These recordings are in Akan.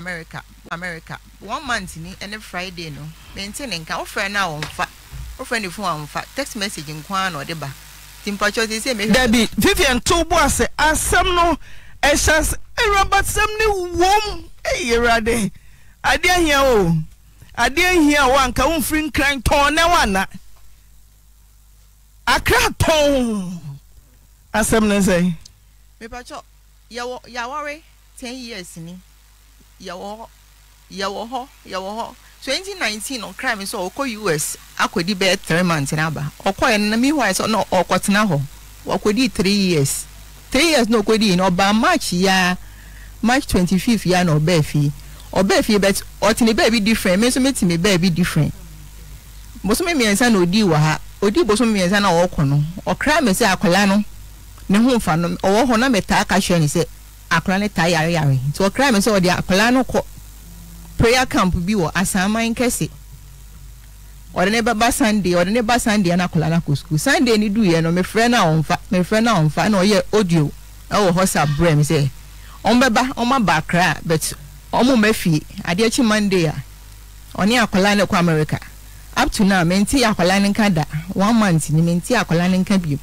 america america one month ni ɛne friday no mente ne nka wofrɛ no a wɔmfa wofrɛ ne fon a wɔmfa text message nko ara na ɔde ba nti mpatwɛ te sɛ mehwɛ vivian to bo ase asɛm no ɛhyɛ ase awuraba sɛm ne wom ɛyɛ awurade adeɛ hia o adeɛ hia o anka womfiri nkran tɔn na wana akra tɔn asɛm ne sɛ mepatwɛ yɛwɔ yɛaware ten years ni yɛwɔ hɔ yɛwɔ hɔ 2019 no crime sɛ ɔkɔ us akɔdi bɛyɛ three months na aba ɔkɔɛ no mi ayɛ sɛ ɔno ɔkɔtena hɔ ɔkɔdi three years three years na ɔkɔdi no ɔba march ya march 25 ya na ɔbɛɛ fie ɔbɛɛ fie bɛt ɔtene baabi different mi nso mi different akwadaa no taa yare yare nti ɔkra mi sɛ ɔde akwadaa no kɔ prayer camp bi wɔ asaman kɛse ɔde ne ba sunday ɔde ne ba sunday na akwadaa no akɔ sukuu sunday ni du yɛ no mefrɛ na ɔnfa mefrɛ na ɔnfa na ɔyɛ audio ɛwɔ hɔ sa brɛ mi sɛ wɔn bɛba wɔn aba but wɔn mma fie adeɛ akyi monday a ɔne akwadaa no kɔ america up to now menti akwadaa no nka da one month ni menti akwadaa no nka bio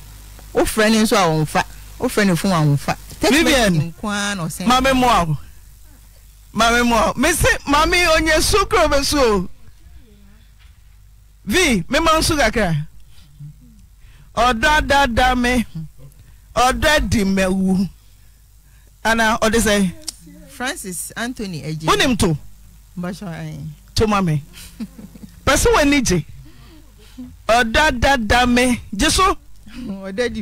ofrɛ ne nso a ɔnfa ofrɛ ne fon a ɔnfa. vivian maame mua o maame mua o mesi maame onye sukuro bɛ su o v mi ma nsu kakra ɔdɔ adada mi ɔdɔ adi mɛwu ana ɔdi sɛ. francis anthony ɛjɛ. wúni tó. mbàṣọ ayé. tó maame pẹ̀sì wọ́n ni jẹ ɔdɔ adada mi jẹ so. ɔdɔ adi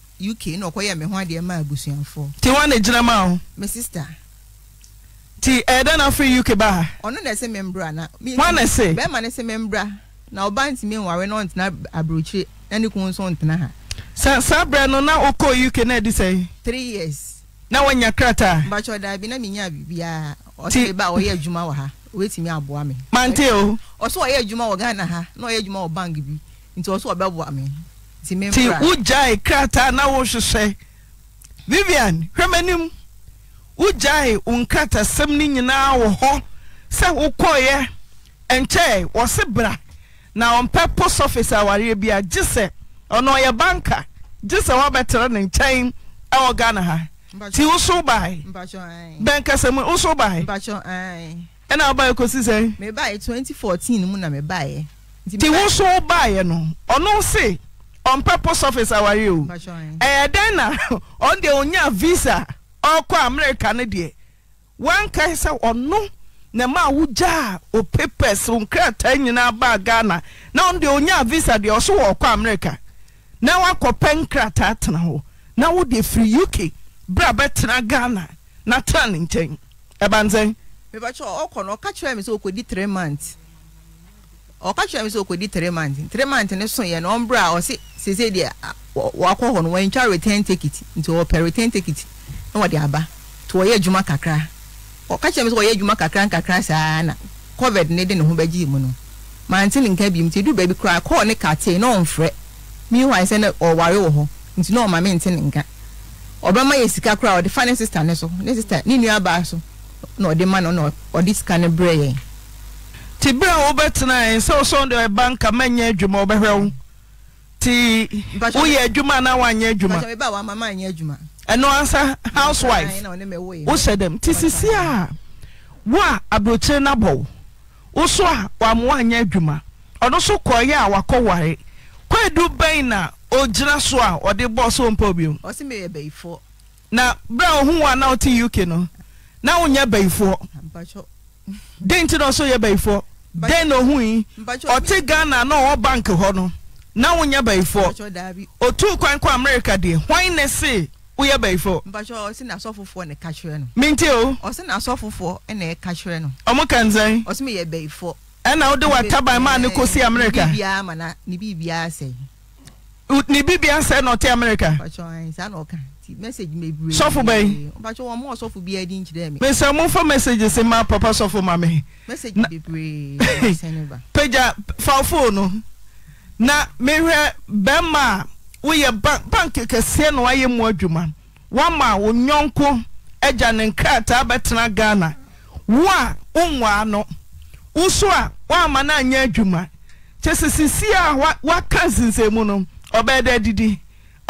uk na ɔkɔyɛ me ho adeɛ ma abusuafoɔ. ti wọn na gyina maa ho. me sister. ti ɛdan na afiri uk ba ha. ɔno na ɛsɛ mɛmbra na. wọn na ɛsɛ. bɛrima na ɛsɛ mɛmbra na ɔba ntumi nware na ɔntena aburokyire na ne kun nso ntena ha. sa saa brɛ no na ɔkɔ uk na di sɛ. three years. na wɔnya krataa. mbakyɔ daabi na mi nya biribiara ɔsɛ ba ɔyɛ adwuma wɔ ha obetumi aboa mi. mante o. ɔsɛ ɔyɛ adwuma wɔ ghana ha na ɔyɛ adwuma wɔ bank bi nti ɔsɛ ɔbɛboa mi. Ti wogyae krataa na wohwehwɛ vivian hwɛmanim wogyae wo nkratasɛm no nyinaa wɔ hɔ sɛ wokɔeɛ ɛnkyɛ bra na ɔmpɛ post office awareɛ bi a gye sɛ ɔno banka gye sɛ woabɛtera ne nkyɛn ɛwɔ ghana ha nti woso bae bɛnkasɛm woso bae ɛna wobaeɛ kɔsi sɛ nti woso baeɛ no ɔno se on purpose office awari o ɛyɛ na onya visa ɔkɔ america oh, no deɛ wankae sɛ ɔno na ma wogyaa o papers nkrataa nyinaa baa ghana na onya visa deɛ america na wakɔpɛ nkrataa na ụdị firi uk bra na ghana na tena ne nkyɛn náà months. ɔka kyerɛ mi sɛ ɔkɔdi three months three months ne so yɛ no ɔmbra a ɔsi sese deɛ wakɔ hɔ no wɔntwa return ticket nti wɔpɛ return ticket na wɔde aba to wɔyɛ adwuma kakra ɔka kyerɛ mi sɛ wɔyɛ adwuma kakra nkakra saa na covid ne de ne ho bɛgye mu no mante ne nka bi mu nti du baabi koraa kɔɔ ne kate na ɔnfrɛ meanwhile sɛ na ɔware wɔ hɔ nti na ɔma me nte ne nka ɔbɛma yɛ sika koraa ɔde fa ne sista ne so ne sista ne nua baa so na ɔde ma no na ɔde sika no brɛ yɛn ti bere a wobɛtena sɛ wosɔn de ɛba nka mɛnyɛ adwuma wobɛhwɛ wo ti woyɛ adwuma na woanyɛ adwuma ɛno ansa housewife wohyɛ dɛm nti sisi a wo a aburokyire no abɔ wo so a wa anyɛ adwuma ɔno so kɔɔyɛ a wakɔ ware kwadu bɛn na ogyina so a ɔde bɔ so mpa biom na bere a ohu wa na ti uk no na wonyɛ bayifoɔ denti na ɔso yɛ bayifoɔ den na ohu yi ɔte ghana na ɔwɔ bank hɔ no na wonya bayifoɔ otu kwan kɔ america deɛ hwan na se woyɛ bayifoɔ. ọ sị na asɔfofoɔ na ɛka kyerɛ no. minti o. ɔsi na asɔfofoɔ na ɛka kyerɛ no. ɔmo kan zan. ɔsi mi yɛ bayifoɔ. ɛna wode wataban maa ne kɔsi america. ni bibiara ma na ni bibiara sɛ. ni bibiara sɛ na ɔte america. mpatsɔ ɛn saa na ɔka. sfo bmesɛmofa message s mapapa sɔfo mame paa fafo no na mehwɛ bɛima a woyɛ bank kɛseɛ no wayɛ mo adwuma woma wo nyɔnko agya ne nkra taa bɛtena ghana wo a wonwaa no woso a woama no nyɛ adwuma kyɛɛ sɛ sisie a woaka sinsɛemu no ɔbɛɛda didi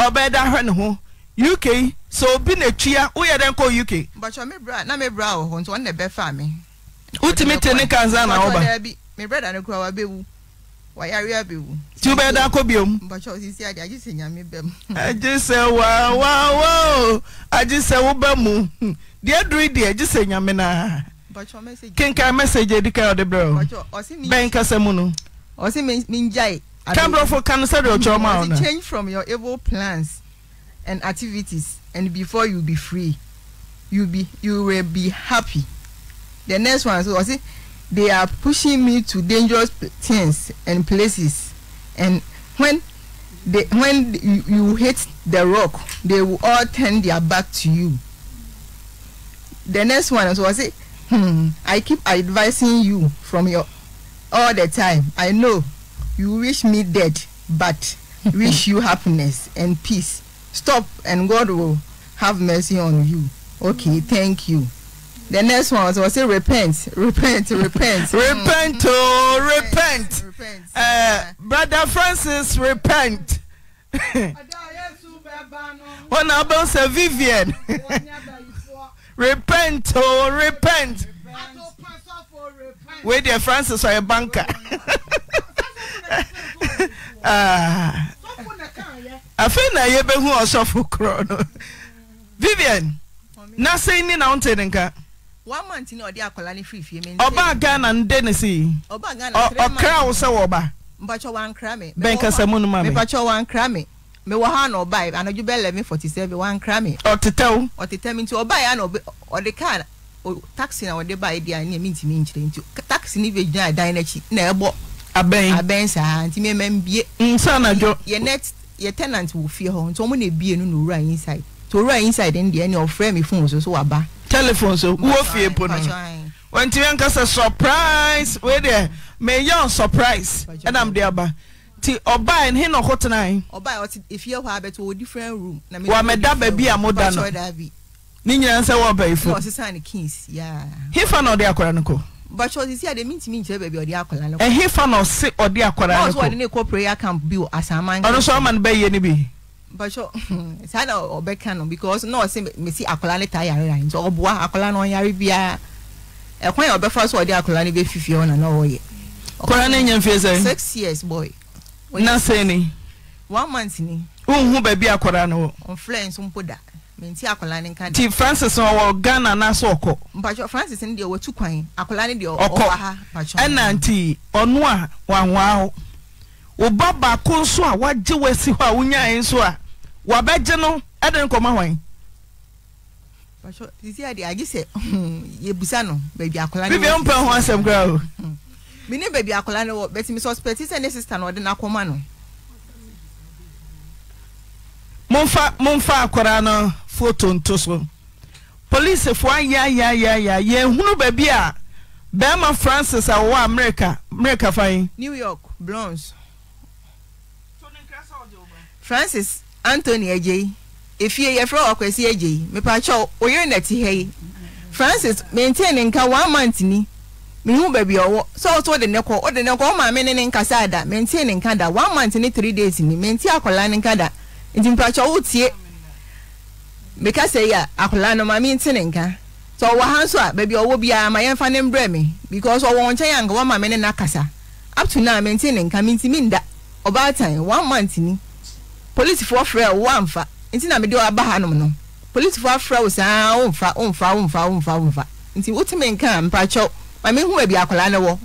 ɔbɛɛda ahɛ ne ho uk sɛ obi na etua woyɛ dɛ nkɔ uk. bàtchọ mi bra na mi bra wɔ hɔ nti wɔn na bɛ fa mi. wotumi te ne kansa na ɔba. mi brada ne kura wa bɛ wu wayare abɛwu. tí o bɛ da kó biom. bàtchọ sisi adi aji sɛ nyame bɛ mu. aji sɛ wa wa wa aji sɛ wo bɛ mu deɛ duri deɛ aji sɛ nyame na. bàtchọ message. kinkan message edika ɔde brɛ o. bàtchọ ɔsi mi. bɛn kasa mu no. ɔsi mi mi n ja ye. kamburofo kanu sɛ de ɔtɔ ɔma ɔna. change from your evil plans. and activities and before you be free you be you will be happy the next one so say they are pushing me to dangerous things and places and when they when you, you hit the rock they will all turn their back to you the next one so say hmm i keep advising you from your all the time i know you wish me dead but wish you happiness and peace Stop and God will have mercy on you. Okay, thank you. The next one was, was say repent, repent, repent. repent, oh, repent. repent. Uh, Brother Francis, repent. When I about a Vivian. repent, oh, repent. Wait there, Francis, or a banker. uh, afei na yɛbɛhu ɔsɔfo korɔ no vivian na sɛi ni na wo nte ne nka ɔbaa ghana nde ne sei ɔkra wo sɛ wɔba bɛnkasa mu no ma me mewɔ ha na ɔbaa anadwo bɛ eleven forty seven wan kra mi. ɔtetɛ wo. ɔtetɛ mi nti ɔbaa yɛ na ɔde kaa taxi na ɔde baa yɛ di a ne mi ntumi nkyerɛ nti taxi ni bɛ gyina dan n'akyi na ɛbɔ. abɛn abɛn saa nti mi mɛ n bie. nsa anadwo. yɛ yɛ tenant wɔ fie hɔ nti wɔn na ebie no na owura inside nti owura inside no deɛ ɛna ɔfrɛ mi phone so so waba. telephone so wo fie po no wɔntumi nkasa surprise wei deɛ mɛ yɛ on surprise ɛnam de aba ti ọbaa ẹni na ọkọ tena yi. ọbaa ọtí efie hɔ to wɔ different room. wà mɛ da baabi a mo da no ne nyinaa nsɛ wɔ ɔbɛ ifo. ɔsisan ni kings yaa. hifa na ɔde akɔra no kɔ but ọsì sí àdèmí ntìmí nkyẹn bẹẹbi ọdí akwadaa lọkọ. ẹhin fa na ọsẹ ọdí akwadaa lọkọ. ọsọ ọdí ní kọ prayer camp bi o asaman. ọdún sọ ọmọ ni bẹ yẹ níbi. bàtọ sáà na ọbẹ kan no because náà ọsẹ mẹsì akwadaa ní ta yàrá rà nti ọbùa akwadaa náà yàrá bíà ẹkwan yà ọbẹ fa sọ ọdí akwadaa ní bẹ fífi ọ nà náà ọyẹ. akwadaa náà nyẹ nfiẹ sẹ. six years boy. na sẹ one month ni. o n hu on friends mpo da menti akwadaa ne nka di. ti francis na ɔwɔ ghana n'asɔ ɔkɔ. mpatwɔ francis ni deɛ wɔtu kwan akwadaa ne deɛ ɔkɔ ha mpatwɔ. ɛna nti ɔno a wanwaa hɔ ɔba baako nso a wagye wasi hɔ a wonyae nso a wabɛgye no ɛde nkɔma hwan. mpatwɔ sisi adi agye sɛ hmm, yebusa no baabi akwadaa hmm. ne wɔ. bibi mpɛ ho asɛm kura o. mi ni baabi akwadaa ne wɔ bɛtumi suspect sɛ ne sista na ɔde n'akɔma no. momfa momfa akwaraa no foto nto so polisifoɔ ayɛayɛayɛayɛ yɛhunu baabi a bɛrima francis a wɔwɔ America, amerika fan new york bronze francis anthony agyei efie yɛfrɛ ɔkwasi agyei mepatwɛ oyere na ti yi francis maintain ne nka one month ni mehu baabi ɔwɔ sɛ ɔso ɔde ne kɔ ɔde ne kɔ ɔmaame ne ne nkasa ada maintain ne nka da one month ne three days ni maintain akwaraa ne nka da nti mpatsɔ wotie meka sɛ yi a akwadaa no maame nti ne nka sɛ ɔwɔ ha nso a baabi ɔwɔ biara ma yɛmfa ne mbrɛ me because ɔwɔ nkyɛn a nka wɔn maame ne n'akasa up to now mɛnti ne nka mɛnti mi nda ɔbaatan one month ni polisifoɔ frɛ wo amfa nti na mede ɔaba ha nom no polisifoɔ afrɛ wo saa ah, ɔmfa ɔmfa ɔmfa ɔmfa ɔmfa nti wotumi nka mpatsɔ maame hu baabi akwadaa no wɔ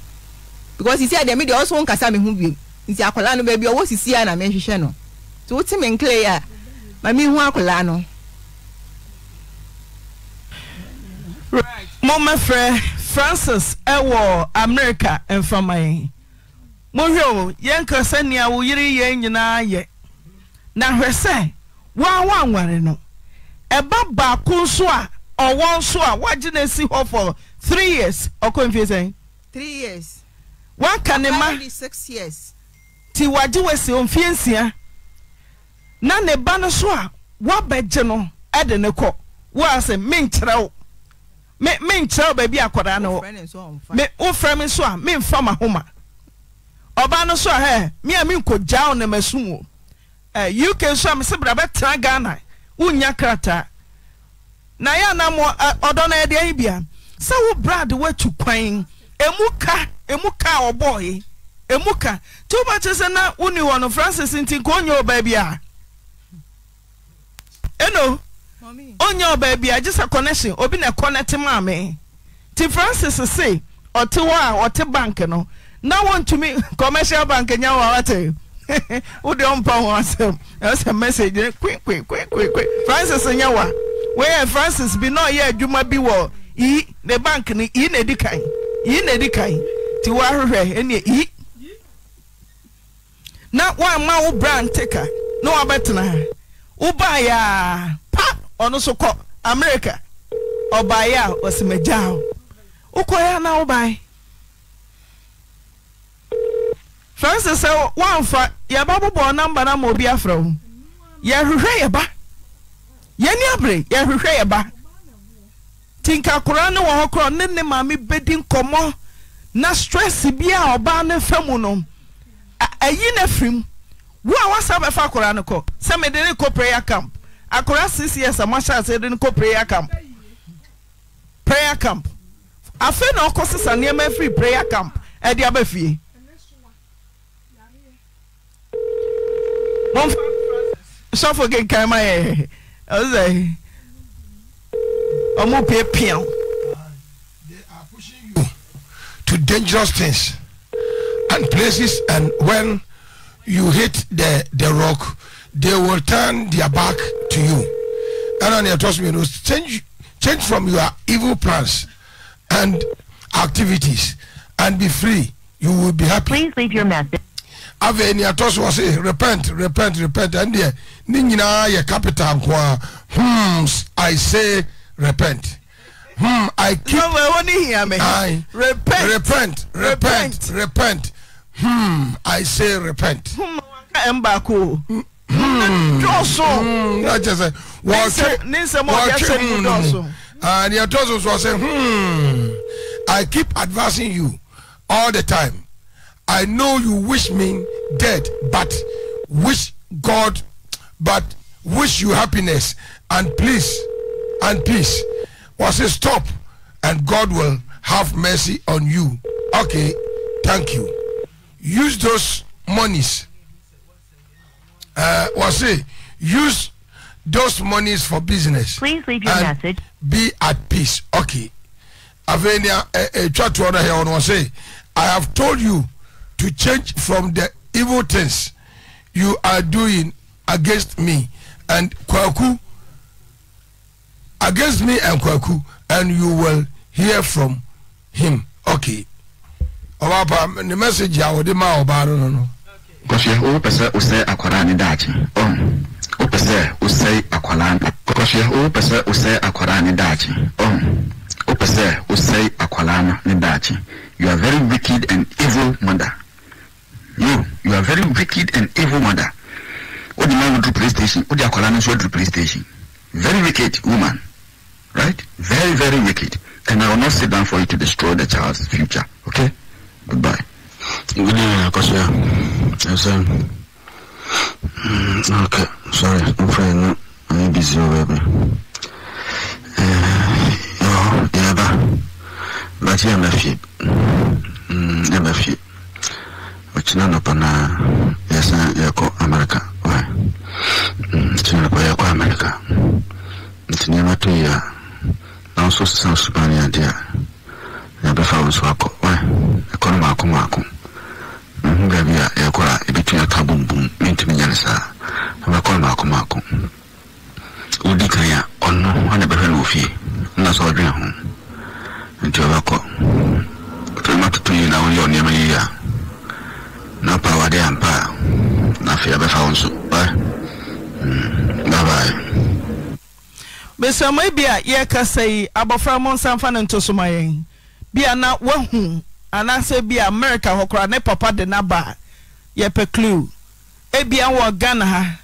because sisi adeɛ mi deɛ ɔso nkasa mi hu biem nti akwadaa no baabi ɔwɔ sisi a na mɛhwehwɛ no sɛ wote me nkele a ma mehu akwadaa no mo mɛfrɛ francis ɛwɔ america mfama yɛn mohwɛ o yɛnka sɛ nea wo yere yɛn nyinaa yɛ na hwɛ sɛ waa wanware no ɛba baako nso a ɔwɔ nso a wagye na asi hɔ for three years ɔkɔ mfie sɛn three years wanka ne ma ti wagye wasi mfie nsia na ne ba no so a woabɛgye no de ne kɔ woasɛ menkyerɛ wo menkyerɛ wo baabi akɔdaa ne wɔ me so a memfa mahoma ɔba no so a hɛ me a menkɔgyaa wo namasum o uk so a mese bra bɛtena ghana wonnya krataa na yɛ anam ɔdɔ no ɛde ayi bia sɛ wo brade woatu kwan emu ka emu ka a ɔbɔɔe ka nti wobɛkyerɛ sɛ na wo ni wɔ no francis nti nka baabi a eno on your baby, I just a connection. Obi na connect to mommy. T Francis say or to wa or to bank no. Now want to me commercial bank and your water. Who don't pound us? That's a message. Quick, quick, quick, quick, quick. Francis and your Where Francis be not yet, you might be well. E the bank in the edicai. In edicai. To worry, and ye eat. Not one more brand taker. No, I bet now. wobaeɛ a pa ɔno so kɔ amerika ɔbaeɛ a ɔsɛmagyaa wo wokɔeɛ ana wobae franse sɛ woamfa yɛba bobɔɔ namba no ama obi afrɛ ho yɛhwehwɛ yɛba yɛni abere yɛhwehwɛ yɛba nti nkakora ne wɔ hɔ korɔ ne ne maame bɛdi nkɔmmɔ na stress bi a ɔbaa ne fa mu no ayi no afirim woa wasa bɛfa kora ne kɔ sɛ medene ko prayer camp akora sis yeasamos sɛdene koprayer camp prayer camp afe na kɔ sesa neɔma fri prayer camp dfiepa you hit the the rock they will turn their back to you and then you trust me you know, change change from your evil plans and activities and be free you will be happy please leave your message Have any atos was say repent repent repent and ne nyinaa ya capital nko a i say repent hmm i keep repent repent repent repent Hmm, I say repent. Hmm. Hmm. Hmm. and Wɔtwe wɔtwe mu no. hmm. I keep advising you all the time. I know you wish me dead but wish God but wish you happiness and please and peace. say stop and God will have mercy on you. Okay, thank you use those monies. Uh, use those monies for business. Please leave your message. Be at peace. Okay. Avenia, a eh, chat eh, to other here on was say, I have told you to change from the evil things you are doing against me and Kwaku against me and Kwaku, and you will hear from him. Okay pa ne message a no no daakye no daakye no daakye you are very wicked and evil mother you you are very wicked and evil mother wode ma woduru play station wode akwadaa no nso station very wicked woman right very very wicked and i will not sit down for you to destroy the child's future okay Goodbye. Good evening, Akosia. Yes, sir. Mm, okay, sorry, I'm afraid oh, eh, no. I'm busy, baby. Uh, yeah, but, but yeah, my feet. Mm, yeah, my feet. Wachina no pana, yes, yako America. Why? Mm, china no pa yako America. Ntinyama tu ya, na uso sasa usubani ya dia yɛbɛfa wo so akɔ ɛkɔ no maako maako mhm, mehu baabi a yɛkɔ a ɛbɛtumi aka bombom mentumi nyɛ saa ɛbɛkɔ no maako maako wodi kan a ɔno ana bɛhwɛ no wɔ fie sɛ ɔdwene ho nti ɔbɛkɔ fɛma toto yi na woyɛ ɔnneɛma yi a na pa wade ampa a na afei yɛbɛfa wo nso mm, babae bɛsɛmɔ bi a yɛkasa yi abɔfra mo nsamfa no ntosomayɛn bia na wahu anaasɛ bi america hɔ koraa ne papa de n'aba yɛpɛ clue ebia wɔ ghana ha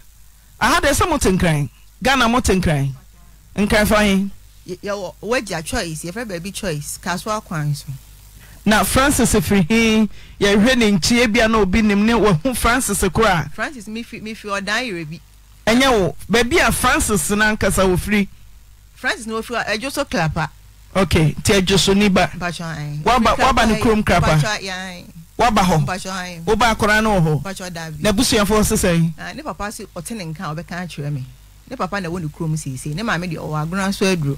aha deɛ sɛ mote nkran ghana mote nkran nkran fa yin. yɛwɔ wagya choice yɛfrɛ baabi choice kasoa kwan so. na francis firihi yɛhwɛ ne nkyi ebia na obi nim ne wahu francis koraa. francis mifi mifi ɔdan yɛrɛ bi. ɛnyɛ wo baabi a francis nankasa wofiri. francis na ofiri a ɛdwo so klapa ok nti adwosoni e ba waba ne kurom krapa waba hɔ woba akora no wɔ hɔ na abusuafoɔ sesɛn ah, ne papa se ɔte ne nka ɔbɛka akyerɛ me ne papa na ɛwɔ ne kurom seesei ne maame deɛ ɔwɔ agona so aduro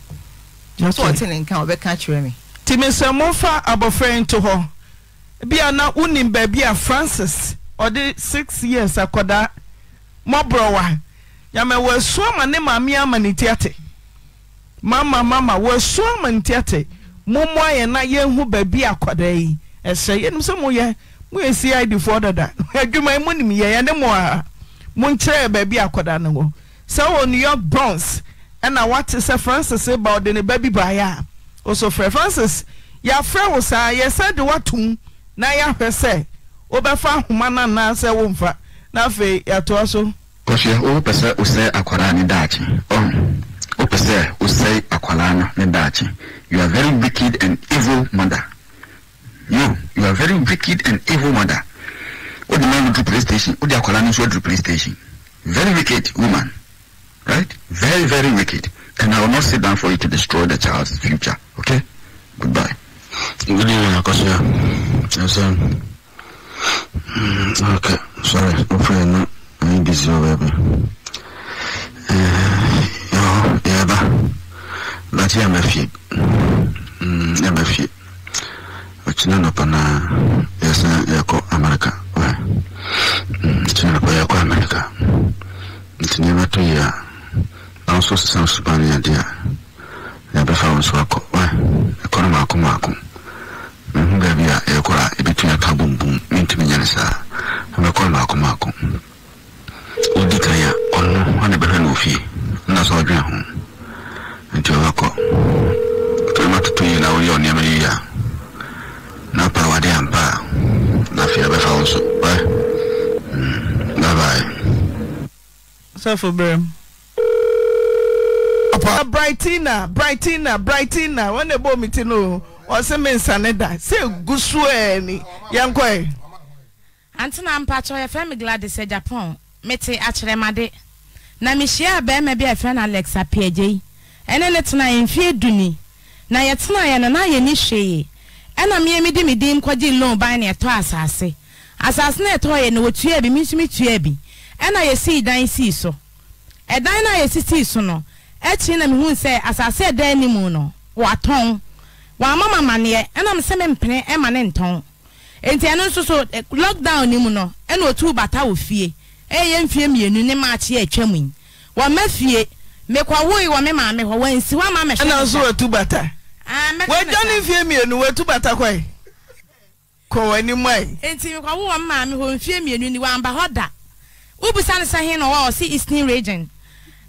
so ɔte ne nka ɔbɛka akyerɛ me tìmísẹ̀mọ́fà abọ́fra nto hɔ bia na wonim baabi a francis ɔde six years akɔda mɔborɔwa yàmẹ̀wò ẹ̀sùn ama ne maame ama ne mama mama wɔasu ama ntiɛte mommoayɛ na yɛhu baabi akd yisɛ wɔ newyork bons na woate sɛ fransis ba ode ne ba bi baeɛ a ɔso frɛ fransis yɛafrɛ wo saa yɛsɛde woatom na yɛahwɛ sɛ wobɛfa ahoma nonaasɛ womfa naei toa sosɛ wowɔ pɛ sɛ wosɛ akaraa ne dakye wo sɛ wosɛe akwalaa no ne you are very wicked and evil mother you you are very wicked and evil mother What the man duru police station wode akwalaa no nso aduru police station very wicked woman right very very wicked and i will not sit down for you to destroy the child's future okay goodbye good evening akosia yes, um, okay sorry hopefully i'm not i'm busy over here uh, yɛba date yɛ mafie mm, yɛ mafie ɔkyena nɔpa na yɛsa yɛkɔ amerika ɔkyena nɔpa yɛkɔ amerika nti nneɛma to yie a na nso sesa nsoba no yɛde a yɛbɛfa wo nso akɔ ɛkɔ no maako maako mehu baabi a yɛkɔ a ɛbɛtumi aka bombom mentumi nyɛ asafo brem. Ah, brightina brightina brightina wọn na ebo mi ti no ọsẹ mi nsa da sẹ gusu ẹ ni yẹn kọ ẹ. antena mpatsɔ yɛ fɛn mi gladys ɛ japan mete akyerɛmade na mehyia bɛrima bi a yɛfrɛ no alex apiagye yi ɛne ne tena yɛ mfeɛ duni na yɛtena yɛ no na yɛni hwee ɛna meɛ mede me din nkɔgye loan ban ne ɛtɔ asase asase no ɛtɔ yɛ no wɔtua bi me nso metua bi ɛna yɛsii dan sii so ɛdan no a yɛsisii so no akyiri na mehu sɛ asase ɛdan no mu no watɔn wama ma amanneɛ ɛnam sɛ mempene ma ne ntɔn enti ɛno nso so eh, lockdown no mu no ɛna otuu bata wɔ fie ɛyɛ mfie mmienu ne maakye a atwa mu yi wɔma fie mekɔwoe wɔ me maame hɔ wansi wama ama ɛna nso watu bata ah, wɔadwa ne mfie mmienu watu bata kɔe kɔ w'anim ae enti mekɔwo wɔ me maame hɔ mfie mmienu ni wɔamba hɔ da wobisa no sɛ he na ɔwɔ ɔse eastern region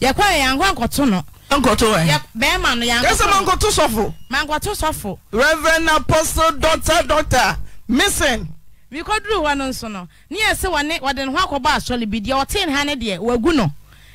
yɛkɔ yɛ yankɔ nkɔto no nkɔto ɛ eh. bɛrima no yankɔ yɛsɛ mankɔto sɔfo mankɔto sɔfo reverend apostle doctor doctor missing mikɔduru hɔ no nso no ne yɛ sɛ wɔne wɔde ne ho akɔbɔ asɔre bi deɛ ɔtee ne ha ne deɛ wagu no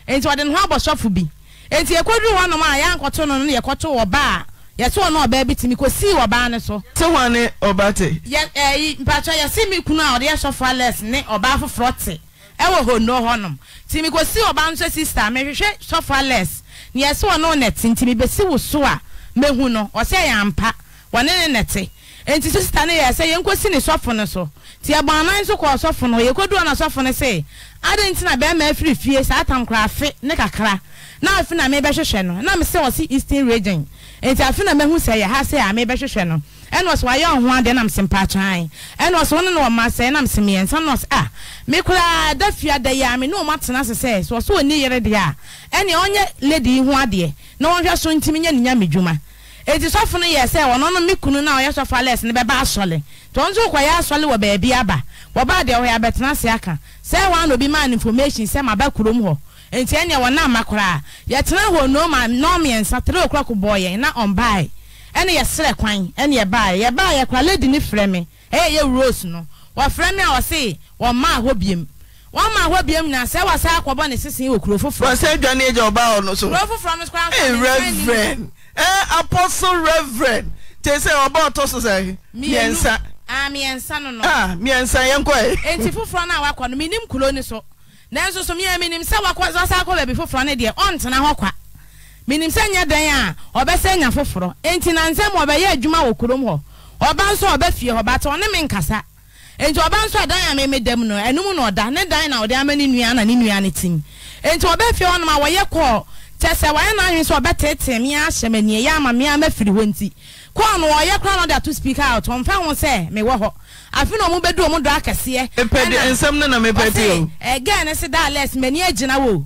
nti wɔde ne ho abɔ sɔfo bi nti yɛkɔduru hɔ nom a yɛankɔto no no yɛkɔto wɔ baa yɛsɛ ɔno ɔbaa bi tumi kɔsii ɔbaa no so. te hɔ ne ɔbaa te. yɛ ɛyi eh, mpatsɔ mi kunu a ɔde yɛ sɔfo alɛs ne ɔbaa foforɔ te ɛwɔ hono hɔnom nti mekosi ɔba nso sista mehwehwɛ sɔfo alex nea ɛsɛ ɔno nɛte nti mebɛsi wo so a mehu no ɔsɛ yɛ ampa wɔne ne nɛte nti sista no yɛ sɛ yɛnkosi ne sɔfo no so nti ɛbɔ anan nso kɔ ɔsɔfo no yɛkodu ɔna sɔfo no se ade nti na bɛrima afiri fie saa atam kora afe ne kakra na afe na mebɛhwehwɛ no na mesɛ ɔse eastern region nti afe na mehu sɛ yɛ ha sɛ a mebɛhwehwɛ no ɛna ɔsɛ wayɛ ɔho adeɛ nam sɛ mpatwan ɛna ɔsɛ wɔn ne na ɔma sɛ ɛnam sɛ mmiɛnsa na a me koraa da fia da yi a me ne ɔmo atena ase sɛ sɛ ɔsɛ ɔni yere deɛ a ɛna ɔnyɛ lady yi ho adeɛ na wɔn hwɛ so ntumi nyɛ ne nyame dwuma eti sɔfo no yɛ sɛ ɔno no me kunu na ɔyɛ sɔfo alɛs ne bɛba asɔle tɔn nso kɔ yɛ asɔle wɔ baabi aba wɔba deɛ ɔyɛ abɛtena ase aka sɛ wɔn ano bi maa no information sɛ ma ba kurom hɔ nti ɛnea wɔn nam akora yɛtena hɔ nɔɔma nɔɔmiɛnsa tere okura ko bɔɔ yɛn na ɔmbaae ɛne yɛserɛ kwan ɛne baa yɛbaa yɛkora lady ne frɛ me ɛyɛ yɛ rose no wɔfrɛ me a wɔse wɔmaa hɔ biem maa hɔ biem na sɛ wɔsa akɔbɔ ne sesen wɔ kuro foforɔ sɛ dwane agya ɔbaa ɔno so kuro foforɔ no kora ɛ reverend ɛ apostle reverend te sɛ ɔba ɔtɔ so sɛ mmiɛnsa mmiɛnsa no no mmiɛnsa yɛnkɔ ɛ enti foforɔ no a wakɔ no menim kuro ni so nanso so meɛ menim sɛ wɔsa akɔ baabi foforɔ no deɛ ɔntena menim sɛ nyɛ dan a ɔbɛsɛ nya foforɔ enti na nsɛm ɔbɛyɛ adwuma wɔ kurom hɔ ɔba nso ɔbɛ fie hɔ bata ɔne me nkasa enti ɔba nso dan a meme no ɛnum na ɔda ne dan na ɔde ama ne nua na ne nua ne tim enti ɔbɛ fie hɔ nom a wɔyɛ kɔɔ kyɛ sɛ wɔyɛ n'ahwene sɛ ɔbɛtetee me ahyɛ me nie ama me ama firi hɔ nti kɔɔ no wɔyɛ kora no de ato speaker out ɔmfa ho sɛ mewɔ hɔ afi na ɔmo bɛdu ɔmo dɔ akɛseɛ ɛna ɔse ɛgɛɛ ne se da alɛs m'ani agyina wo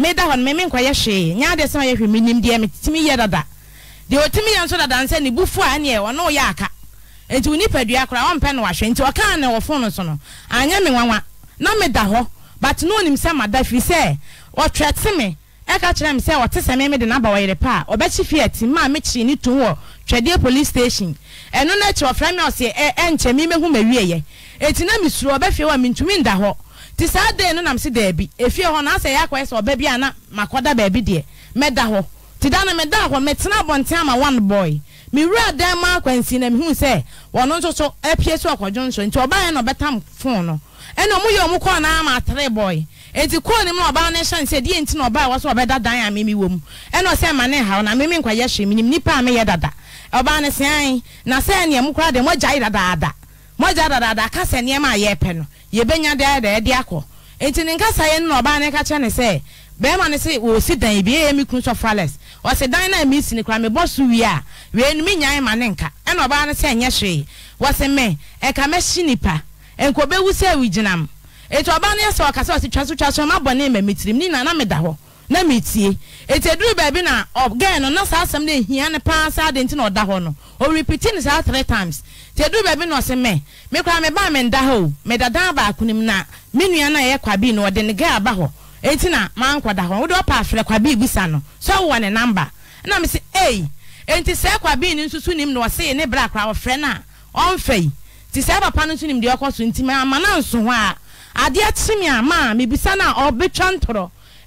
meda hɔ no memenkɔyɛ hwee nyɛ adeɛ sɛ mayɛ hwee menim deɛ metumi yɛ dada deɛ ɔtumi yɛ nso dada nsɛ ne bufu a neɛ ɔne woyɛ aka nti wo nipadua koraa wɔmpɛ no wahwɛ nti ɔkaa ne wɔfo no so no anyɛ me nwanwa na meda hɔ but na onim sɛ mada firi sɛ ɔtwɛte me ɛka kyerɛ me sɛ ɔte sɛ meme de naba wɔyere pa a ɔbɛkye fie ati ma mekyere ne tom wɔ twɛdeɛ police station ɛno no akyi ɔfrɛ me ɔse ɛnkyɛ me mɛhu mawieyɛ na mesuro ɔbɛfie wɔ a mentumi nda hɔ ti saa den no nam si daabi efie hɔ na asɛ yɛ akɔyɛ sɛ ɔbɛ bi a na makɔda baabi deɛ mɛda hɔ ti da na mɛda hɔ mɛtena abɔnten ama one boy mewura dan mu akwansi na mehu sɛ wɔn nso so apie so akɔdwo nso nti ɔbaa yɛn na ɔbɛtam fon no ɛna ɔmo yɛ ɔmo kɔɔ na ama atere boy eti kɔɔ ne mu na ɔbaa ne hyɛn sɛ deɛ nti na ɔbaa wɔ so ɔbɛda dan a mimi wɔ mu ɛna ɔsɛ ma ne ha na mimi nkwa yɛ hyɛ mu nipa a meyɛ dada ɔbaa ne sɛn na sɛn neɛ mo kora deɛ mo agyae dadaada mogya dadada kasa nneema a yɛpɛ no yɛbɛnya dɛdɛɛde akɔ nti ne nkasa yɛ no na ɔbaa no e ka kyerɛ ne sɛ bɛrima no sɛ wɔsi dan bi ɛyɛ mi kun sɔ flawless ɔsi dan na mi si ne kora mi bɔ so wie a wei no mi nyan ma ne nka ɛna ɔbaa no sɛ nyɛ hwee wɔsi mɛ ɛka mɛhyi nipa nkɔbɛwu sɛ ɛwi gyinam etu ɔbaa no yɛ sɛ ɔkasa ɔsi twa so twa so ɔma bɔ ne mɛ mi tirim ne nana mi da hɔ na metie eti eduru baabi na oh, gɛɛ no na saa asɛm no ehia no paa saa adi nti na ɔda hɔ no oripiti ne saa three times te eduru baabi na ɔsɛ mɛ mekura me ba me nda hɔ o me dada baako nim na me nua na ɛyɛ kwabi na ɔde ne gɛɛ aba hɔ eti na maa nkɔda hɔ wode ɔpa afrɛ kwabi bisa no so ɔwɔ ne namba ɛna me sɛ ei eti sɛ kwabi ne nso nim na ɔse ne bra kora ɔfrɛ na ɔnfɛ yi ti sɛ papa no nso nim deɛ ɔkɔ so nti ma ama na nso hɔ a adeɛ kyimi a maa mebisa na ɔbɛtwa ntorɔ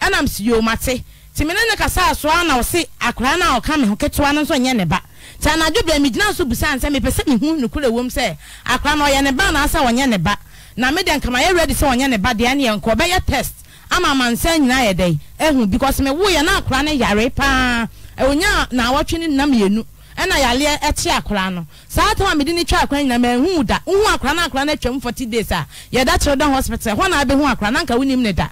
ɛna m si yomate tìmí ne ne kasa asoa na ɔsi akwaraa na ɔka mi ho ketewa no nso nyɛ ne ba tí anadwo bia mi gyina so busa nsɛm mepɛ sɛ mi hu nukuri ewom sɛ akwaraa na ɔyɛ ne ba na asɛ ɔnyɛ ne ba na mi deɛ nkama yɛ ready sɛ ɔnyɛ ne ba deɛ ne yɛ nkɔ ɔbɛyɛ test ama amansa nyinaa yɛ dɛ ehu because mi wu yɛ na akwaraa ne yare paa ewonya na awɔtwe ne nam yenu ɛna yaleɛ ɛkye akwaraa no saa tam a mede ne twa akwaraa nyinaa mɛnhu da nhu akwaraa na akwaraa no atwam forty days a yɛda kyerɛ hospital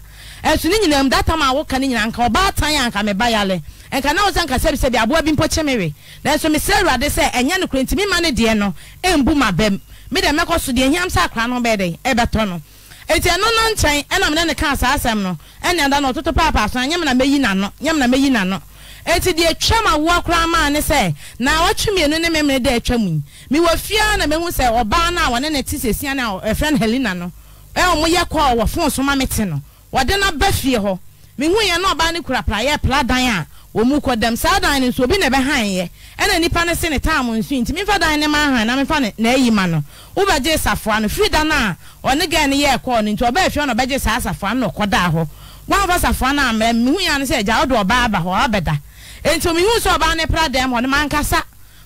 ɛso ne nyinam data ma awoka ne nyinaa nka ɔbaa tan anka me ba yale nka na wosan ka sɛbi sɛbi aboa bi mpɔ kyɛ me we nanso mesrɛ sɛ ɛnyɛ no kora nti mema ne deɛ no ɛmbu ma bɛm mi dɛ mɛkɔ so deɛ hiam sɛ akora no bɛɛ dɛn ɛbɛtɔ no eti ɛno no nkyɛn ɛna mene ne kaa saa asɛm no ɛne ada no ɔtoto paapaa so na nyɛ me na mɛyi n'ano nyɛ na mɛyi n'ano eti deɛ twam awoɔ koraa maa ne sɛ na wɔtwe mmienu ne mmemme dɛ atwa mu yi mewɔ fia na mehu sɛ ɔbaa no a wɔne ne ti sesia no a ɛfrɛ eh, no helena no ɛwɔ mo yɛ kɔɔ wɔ fon so ma me te no wɔde no ba fie hɔ mehu yɛn na ɔbaa no kura prayɛ pra dan a wɔn kɔ dɛm saa dan no nso obi na ɛbɛhan yɛ ɛna nipa no se ne taam nso nti mefa dan no ma han na mefa ne n'ayi ma no wobɛgye safoa no firi dan a ɔne gɛn no yɛ kɔɔ no nti ɔbaa fie na ɔbɛgye saa safoa no na ɔkɔda hɔ wɔn afa safoa no amɛ mehu yɛn no sɛ gya ɔde ɔbaa aba hɔ ɔbɛda nti mehu sɛ ɔbaa no pra dɛm hɔ no mankasa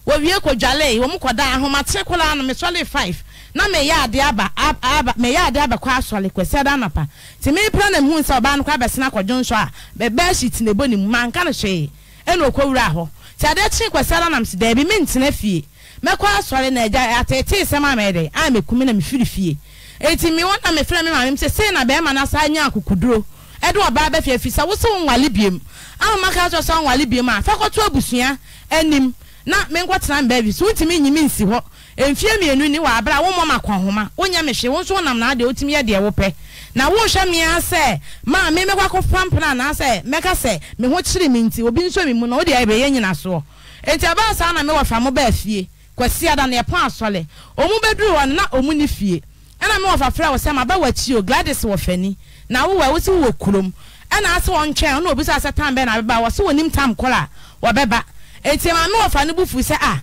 wɔwie kɔ dwale wɔn kɔda ahomatere koraa no mesɔle five na meyɛ ade aba aba meyɛ ade aba kɔ asɔre kwasi ada anapa te me pere na mu nsa ɔbaa no kɔ abɛsena akɔdwo nso a bɛbɛ ahyi tena ebo ne mu manka no hwee ɛna okɔwura hɔ te ade kye kwasi ada nam si dɛbi me ntena fie mɛkɔ asɔre na agya atete sɛm a mɛdɛ a mɛkumi na mefiri fie eti mi wɔn na mefrɛ mi maame sɛ sei na bɛrima na asa anya akukuduro ɛde ɔbaa bɛfia fi sa wosi wɔn nwale biem ama maka sɔ sɔ nwale biem a fakɔto abusua anim na menkɔ tena mbɛɛbi so ntumi nyimi nsi hɔ mfie mmienu ni wɔ abere a wɔn mɔm akɔnhoma wonya mehwe wɔn nso nam n'adeɛ wotumi yɛ deɛ wɔpɛ na wɔnhwɛ mmea sɛ maa mɛkɔ akɔ pampana anaasɛ mɛka sɛ me ho kyerɛ mi nti obi nso mi mu na wɔde ɛbɛyɛ nyinasoɔ nti abaa saa na mewɔ fa mo bɛɛ fie kwasi ada na yɛpɔn asɔle ɔmo bɛduru hɔ na ɔmo ne fie ɛna mewɔ fa frɛ wɔ sɛ maba wɔ akyi o gladys wɔ fani na wowɔ wosi wɔ kurom ɛna ase wɔn twɛn ɔno obi sɛ asɛ tam bɛɛ na abɛba wɔ so wɔnim tam kɔla wɔbɛba nti maame wɔ fa no bu sɛ ah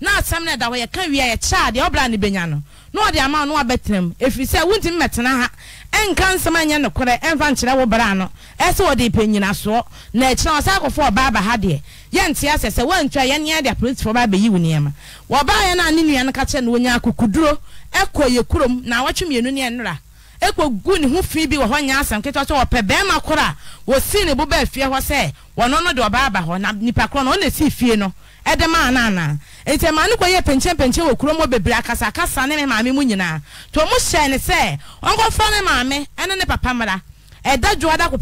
na asɛm no ɛda hɔ yɛka wie a yɛkyɛ a deɛ ɔbra ne bɛnya no ama no abɛtena mu ɛfiri sɛ wontumi mɛtena ha ɛnka nsɛm anyɛ nokorɛ ɛmfa nkyerɛ wo bra no ɛsɛ wɔde na akyina ɔbaa ba ha deɛ yɛnte asɛ sɛ woantwa yɛneɛ de apolisifoɔ ba bɛyi wo a ne no ka kyerɛ no wɔnya akokoduro ɛkɔ yɛ kurom na awɔtwe mmienu ne ɛnora gu ne ho fi bi wɔ hɔ nyɛ asɛm ketewa sɛ wɔpɛ bɛrima koro a ne fie hɔ sɛ na nipa no ɔna fie no ɛde maa mane yɛ pakaaa ko be kasa kasa ne mamemu yina mu sɛno sɛ kɔfa no mame none paa mra da oe ayaɛ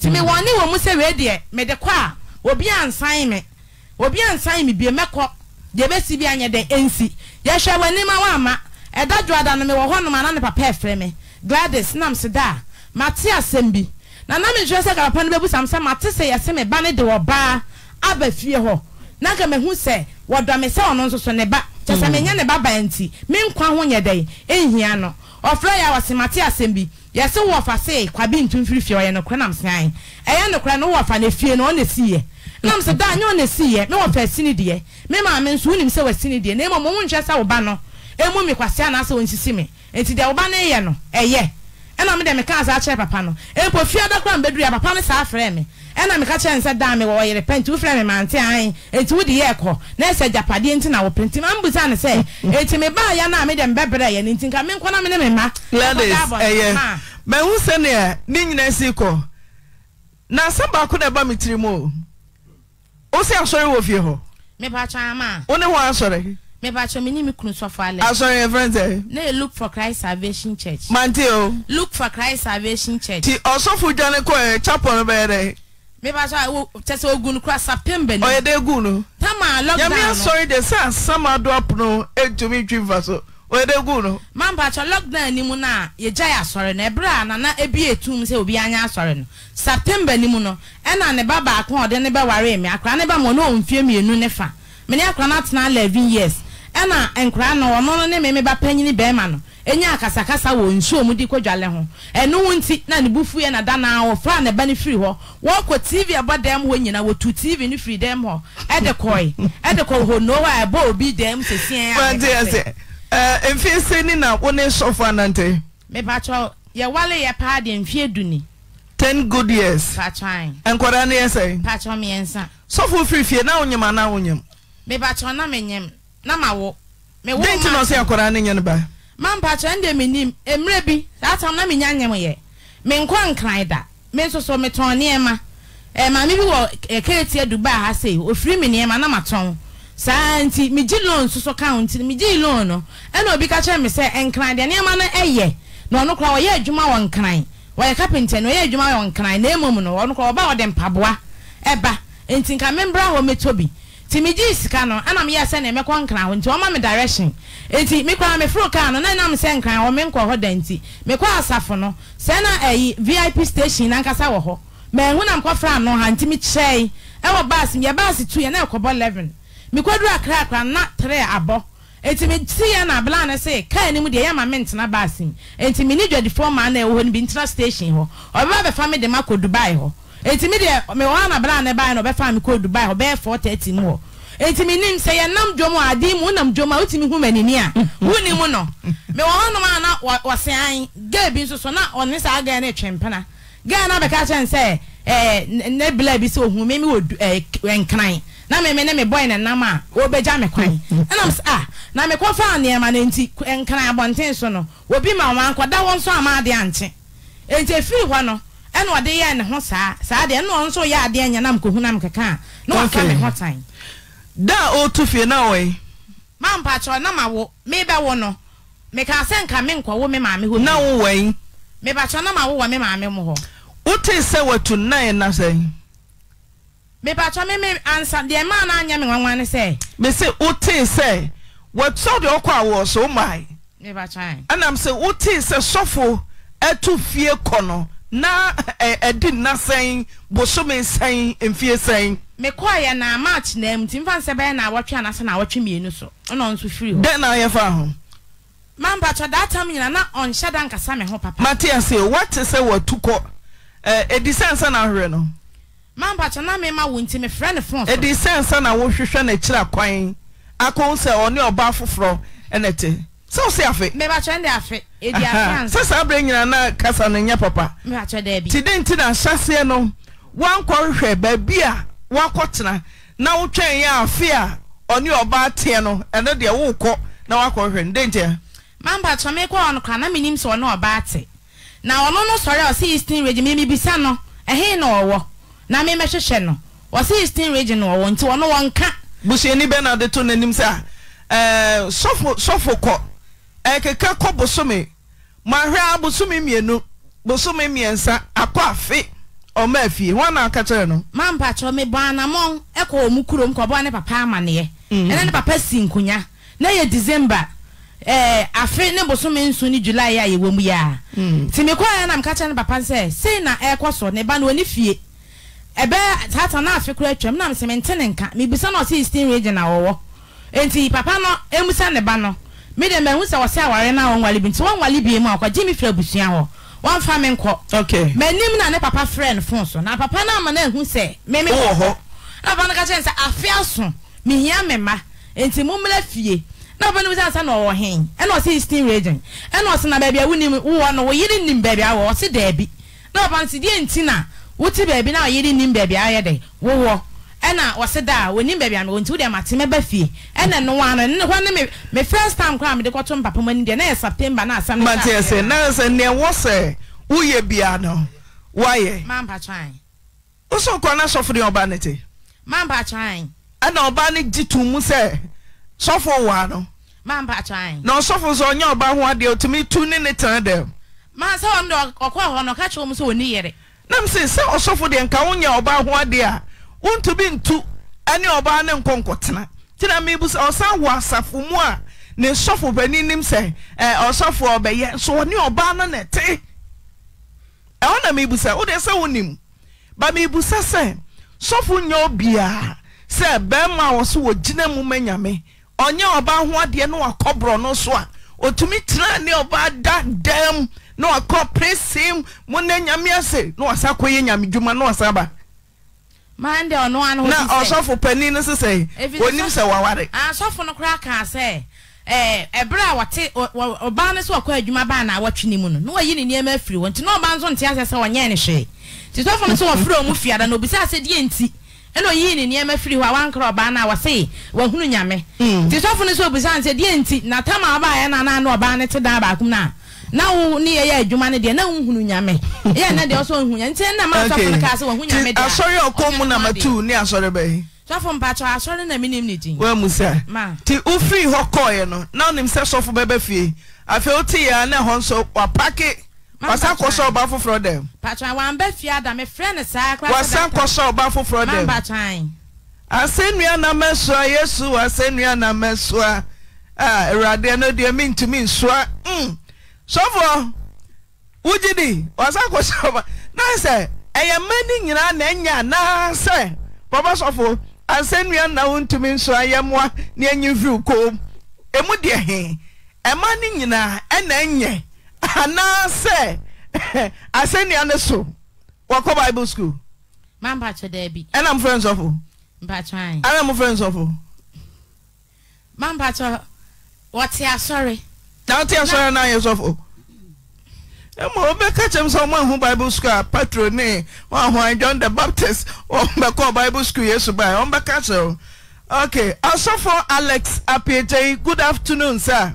timewane mu sɛ ed mede k obi same obia nsae mebi mɛkɔ yebɛsi bi ayɛ mm. dɛn nsi yɛhwɛ wa nima wa ama da doada no meɔhɔ nomnane papa fɛ me glad nada mte sɛm bi anameɛ sɛ aapa no bɛb saae namsɛ da ɛna siɛ meaene ɛ ɛ aɛmkme ayɛ mawo sɛnea me nyina si kɔ nasa baako na ba metiri mu wosi asɔre wɔ fie hɔ mepatwɔ ama wone hɔ asɔre mepatwɔ me ne me kunu sɔfo alɛ asɔre yɛ frɛ sɛ e? na yɛ e look for christ salvation church mante o look for christ salvation church nti ɔsɔfo dwane kɔɛ e, chapel no bɛyɛ dɛ mepatwɔ kyɛ sɛ ogu no kora sapem bɛni ɔyɛ dɛ gu no tama lockdown no nyame asɔre de sɛ asam ado apono ɛntumi twi mfa so mampaatɔ lockdown ni mu no a yɛgyae asɔre ya ɛberɛ a nana obi anya no no ɛna ne ba baako a ɔde ne ne ba mmienu ne fa 11 years ɛna no ɔno no ne ba panyini barima no enye akasakasa wɔ nsuo mu di ho na ne na da naa wɔfra ne ba no firi hɔ wɔkɔ tv ɛbɔ dɛm hɔ nyina tv firi dɛm hɔ ɛde ɛde kɔ hɔ ɛbɔ obi dɛm Eh, mfie ni na wo ne sɔfo anante mepakyɛ yɛwale yɛ paa deɛ mfie du ni ten good years nkɔdaa ne yɛ sɛ pakyɛ mmiɛnsa sɔfo firi fie na wonyam anaa wonyam mepakyɛ na menyam na mawo dɛnti na ɔsɛ akɔdaa ne nyɛ no ba mampakyɛ ndeɛ menim mmerɛ bi saa tam na menya nyam yɛ menkɔ nkran da mi nso mi metɔn nneɛma eh, maami bi wɔ eh, keretia dubai ha sei ofiri me nneɛma na matɔn saa nti megye loan soso ka meji megye loan no ɛna obi ka kyerɛ me sɛ nkran deɛ nneɛma no ɛyɛ na ɔno koraa wɔyɛ adwuma wɔ nkran wɔyɛ kapinta no wɔyɛ adwuma wɔ nkran na emom no ɔno koraa ɔba ɔde mpaboa ɛba nti nka membra hɔ metɔ bi nti megye sika no ɛna meyɛ sɛ na mɛkɔ nkran hɔ nti wɔma me direction nti mekora meforo kaa no na nam sɛ nkran hɔ menkɔ hɔ da nti mekɔ asafo no sɛ na ɛyi vip station nankasa wɔ hɔ mɛhu na mkɔfra ano ha nti mekyɛe ɛwɔ baasi yɛ baasi tu yɛ na ɛkɔbɔ 11 mekadorkraa na rɛ bɔ nti meeɛnaba ɛa no a ne ne twempea ɛa ɛ ɛɛmenkra na meme ne me bɔi ne nam a wɔbɛgya me kwan ɛnam sɛ ah na mekɔfaa nneɛma no nti nkran abɔnten so no obi ma ɔma nkɔda wɔn nso ama adeɛ ankye nti efiri hɔ no ɛna ɔde yɛ ne ho saa saa deɛ ɛna ɔno nso yɛ adeɛ nyɛ nam kohun nam keka a na waka ne ho tan. da a otu fie na wɔyi. maa mpatsɔ nam awo mebɛwo no meka sɛ nka me nkɔwo me maame hɔ. na wo wɔyi. mebatsɔ nam awo wɔ me maame mu hɔ. wote sɛ watu nan na sɛn. mepatwa meme ansa deɛ maa na anya me nwanwa ne sɛ. mese wotee sɛ wɔtɔ deɛ ɔkɔ awɔ so ɔmae. mepatwa. ɛnam sɛ wotee sɛ sɔfo ɛtu fie kɔ no na ɛdi nna sɛn sɛn mfie sɛn. mekɔɔ yɛ na march na mu ti nfa nsɛ bɛyɛ na awɔtwe anasa na awɔtwe mmienu so ɔna nso firi hɔ. dɛn na ayɛ fa ho. maa mpatwa daa tam na ɔnhyɛ da nkasa me ho papa. mate ase wate sɛ wɔtu kɔ ɛɛ edisa nsa na no. mampakyɛ na mema wo nti mefrɛ ne fon ɛdi na wohwehwɛ no akyira kwan akɔn ɔne ɔba foforɔ ɛnɛ te sɛ wo se afe mebakyɛ de afe ɛdi afe sɛ saa nyina na kasa no papa bi na no baabi a woakɔtena na wotwɛn yɛ afe a ɔne ɔba teɛ no ɛno deɛ wokɔ na woakɔhwehwɛ no dɛ ntia ɔno na menim sɛ ɔne ɔba te na ɔno no sɔre a ɔsɛ eastern no ɛhe na ɔwɔ na mi mɛhwehwɛ no ɔsi eastern region wɔ nti ɔno wɔn ka. busuani bɛ na ɔde to n'anim sɛ ɛɛ sɔfo sɔfo kɔ ɛkeka kɔ bosome mahwɛ bosome mmienu bosome mmiɛnsa akɔ afe ɔmo afie wɔn na aka kyerɛ no. maa mpatsɔ mi bɔ anamɔn ɛkɔ ɔmo kurom kɔ ɔbɔ ne papa amaneɛ mhm. ɛna ne papa si nkonya na yɛ december ɛɛ afe ne bosome nson ne july a yɛwɔ mu mhm. yɛ a. tìmikɔ yɛ nam ka kyerɛ ne papa sɛ sei na ɛkɔ so ne ba na oni fie. Ebe tata na afe kura m na mesɛ mente ne nka mebisa na ɔsɛ eastern region a wɔwɔ enti papa no emusa ne ba no mede mahu sɛ ɔsɛ aware no a wɔnwale bi nti wɔnwale bie mu a ɔkɔgye me firi abusua hɔ wɔmfa me nkɔ m'anim na ne papa friend fon so na papa na ama na ahu sɛ meme wɔ hɔ na papa no ka kyerɛ sɛ mehia me ma enti mommra fie na papa no bisa sɛ na ɔwɔ hen ɛna ɔsɛ eastern region ɛna ɔsɛ na baabi a wonim wowɔ no wo nim na na wote beebi na ɔyere nim baabi ayɛ dɛ wowɔ ɛna da a wɔnim baabi ano a mɛba fie ɛna ano ne hɔ ne first time kɔto na yɛ september na asɛm mateɛ sɛ na sɛ neɛ bia no woayɛ mampa kyan wosɛ kɔ na sɔfo ne ɔba ne te mampa kyan ɛna ɔba no gye to mu sɛ sɔfo wɔ ano na ɔsɔfo sɛ ɔnyɛ ɔba ho adeɛ tu ne ne dɛm ma sɛ de hɔ no ɔka kyerɛ yɛre na m sị sị ọsọfọ dị nka nwunye ọba ahụ adị a ntụbi ntu ne ọba ne nkọnkọ tena tena m ibu sị ọsan wụ asafo mu a ne sọfọ panin nim sị ọsọfọ ọbɛyɛ nso ɔne ɔbaa no na ɛte ɛhɔ na m ibu sị ụdị sị wụnim ba m ibu sị sị sọfọ nye obiara sị bɛrima a wɔsị wɔgyina mu manyame ɔnye ɔbaa ahụ adịɛ na wakɔbrɔ no so a otumi tena ne ɔbaa da dan na wakɔ praise him mo na nyame ase na wasa kɔyɛ nyame dwuma na wasa ba na ɔsɔfo panin no sesɛ onim sɛ waware asɔfo ah, no koraa kaa sɛ eh, ɛberɛ a wɔte ɔbaa no sɛ wɔkɔ adwuma baa na awɔtwe ne mu no na wayi ne nneɛma afiri hɔ nti na ɔbaa nso nte asɛ sɛ wɔnyɛ ne hwee nti sɔfo no sɛ wɔfiri ɔmu fiada na obisaa sɛ deɛ nti ɛna oyi ne nneɛma firi hɔ a wankora ɔbaa no a wɔse wahunu nyame hmm. nti sɔfo no sɛ obisaa sɛ deɛ nti na tam no anaa na ɔbaa no te daa baakom no a na wo ne yɛyɛ adwuma no deɛ na wohunu nyame yɛ na deɛ ɔsɛ ɔhu nyame nti na maasɔfo no kaa sɛ wɔhu nyame deɛ asɔre ɔkɔ mu na matu ne asɔre bɛyi sɔfo mpakyɛ asɔre na menim ne din wamu sa nti wofiri hɔ kɔɔeɛ no na wonim sɛ sɔfo bɛbɛ fie afei wote yɛa na ɛhɔ nso wapake wasa kɔ ɔba foforɔ dɛm wambɛ fie ada mefrɛ ne saa wasa kɔ sɛ ɔba foforɔ dɛm asɛnnua na mɛsoa yesu asɛnnua na mɛsoa ah, awurade no deɛ nsoa mm. sɔfoɔ wogye di ɔsa kɔ sɔba na ɛyɛ mma nyinaa na ɛnya anaasɛ bɔbɔ sɔfo ansa na wontumi nso ayɛ mmoa na anyi mfiri kom ɛmu deɛ he ɛma no nyinaa ɛna ɛnyɛ anaasɛ asɛnnua no so wɔkɔ bible school ɛna nsɔfo ɛna nsɔfo asɔre bɛka kyɛmu sɛ mahu bible scuol a ah, patrone hoa john the baptist ɔmbɛkɔbible schuol yes ba ɔɛka kyɛmo sf alex api good afterno saa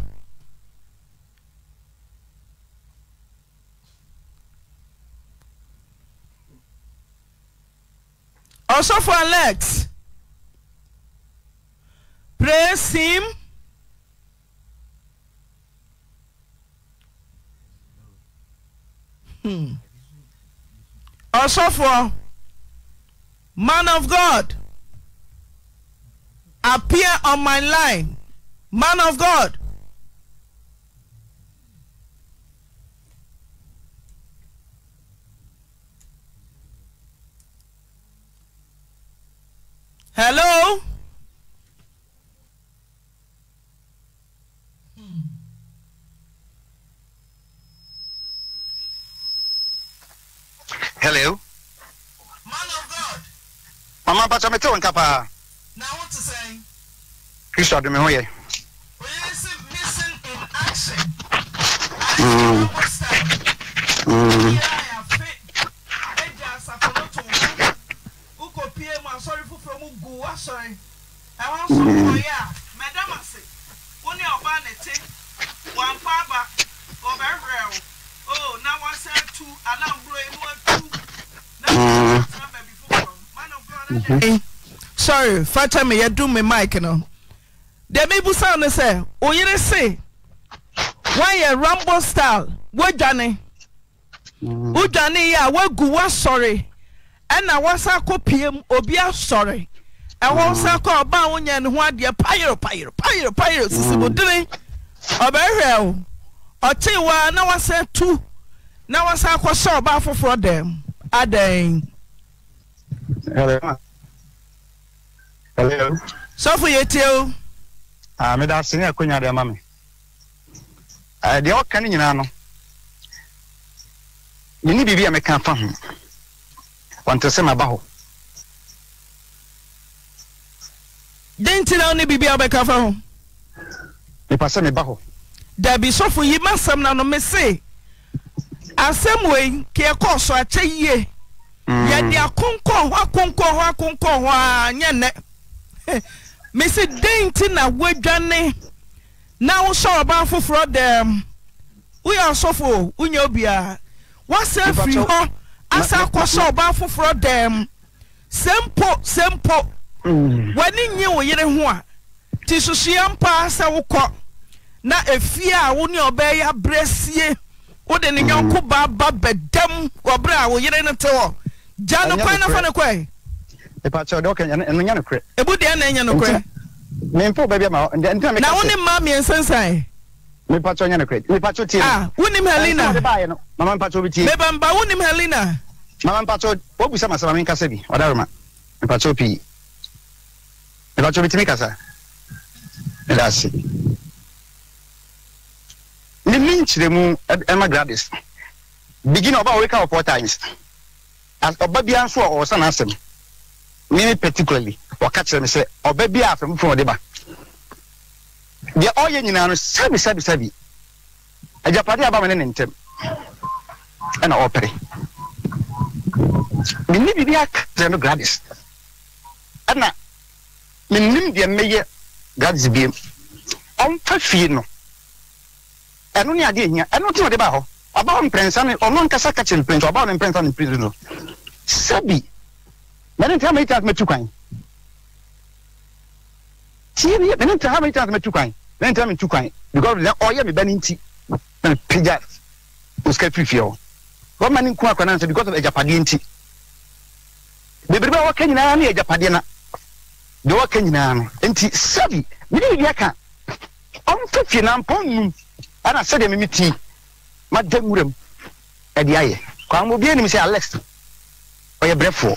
Hmm. Also for man of god appear on my line man of god hello. Hello. Man of God. Mama Pacha mete wo nka Now, what wo te sɛn? Kristo me, ho yɛ. Oye si missing in action. Mm. Mm. Asɔre foforɔ mu gu asɔre ɛwɔ nso kɔyɛ a mɛdam ase wo ne ɔbaa ne te wampa aba ɔbɛwerɛ wo Oh, hmm. mm-hmm. sorry fata mi yɛ dum mi mic no dèmi busa ne sɛ oyiri si wọn yɛ rambo style wodwane wodwane yi a wagu wasɔre ɛna wasa kɔ piem obi asɔre ɛhɔ nsa kɔ ɔbaa wo nyɛ ne ho adeɛ payiro payiro payiro payiro sisi mu dini ɔbɛhwɛ o ɔtee wa na wasa tu na wasa akɔsɛ ɔbaa foforɔ dɛm adɛn. sɔfo yɛ tie o. dá a ah, meda ase ne akonya deɛ ma me ah, deɛ ɔka no nyinaa no mene biribi a meka fa ho ɔnte sɛ maba hɔ dɛn nti na wo ne biribi a wobɛka fa ho mepa sɛ meba hɔ dabi sɔfo yi masɛm na no mese asɛm wei ka yɛkɔɔ so akyɛ yie mm. yɛde akonkɔn hɔ akonkɔn hɔ akonkɔn hɔ a nyɛ nnɛ mese den nti na woadwane na wosɛ ɔbaa foforɔ dɛm woyɛ ɔsɔfo wonya obiaa woasɛ firi hɔ asa akɔsɛ ɔbaa foforɔ dɛm sɛ mpo sɛ mpo mm. w'ani nye wo yere ho a nti susua mpa sɛ wokɔ na efie a wo ne ɔbɛyɛ abrɛsie wode ne nyɔnko baaba bɛdɛm wɔ berɛ a wo yere no te hɔ gya no kwan na fa ne kɔe ɛbu deɛ na ɛnyɛ nokorɛ na wo ne mmaa mmiɛnsa nsae mepatso nyɛ nokorɛ mepatso tie ah wonim helena mama mpatso bi tie mebamba wonim helena mama mpatso wobu sɛ masɛma menkasa bi ɔdaroma mepatso pii mepatso bi tumi kasa meda ase ne mi nkyerɛmu ɛma gradis begin ɔba wɔweka wɔ four times ɔba bia nso a ɔwɔsa n'asɛm mimi particularly ɔka kyerɛ me sɛ ɔba bia afɛn foforɔ ɔde ba deɛ ɔyɛ nyinaa no sabi sabi sabi agyapade aba me ne ne ntɛm ɛna ɔpere menni biribi aka kyerɛ no gradis ɛna mennim deɛ mɛyɛ gradis biem ɔmfa fie no ɛno ne adeɛ hia ɛno te ɔde ba hɔ ɔbaa mprɛnsa ne ɔno nkasa ka kyerɛ mprɛnsa ɔbaa ne mprɛnsa ne mprɛnsa no sɛbi mɛne ntaa mɛyi taa mɛtu kwan tie ne yɛ mɛne ntaa mɛyi taa mɛtu kwan mɛne ntaa mɛtu kwan because ɔyɛ me ba ne nti na pagya osika fifie hɔ wɔma ne nku akwanan sɛ because of agyapadeɛ nti bebrebe a wɔka nyinaa ne yɛ agyapadeɛ na deɛ wɔka nyinaa no nti sɛbi mene ne deɛ ka ɔmfa fie na mpɔ nnum ɛna sɛdeɛ mimi ti ma nwura mu ɛde ayɛ kwan mu obiara sɛ alex ɔyɛ brɛfoɔ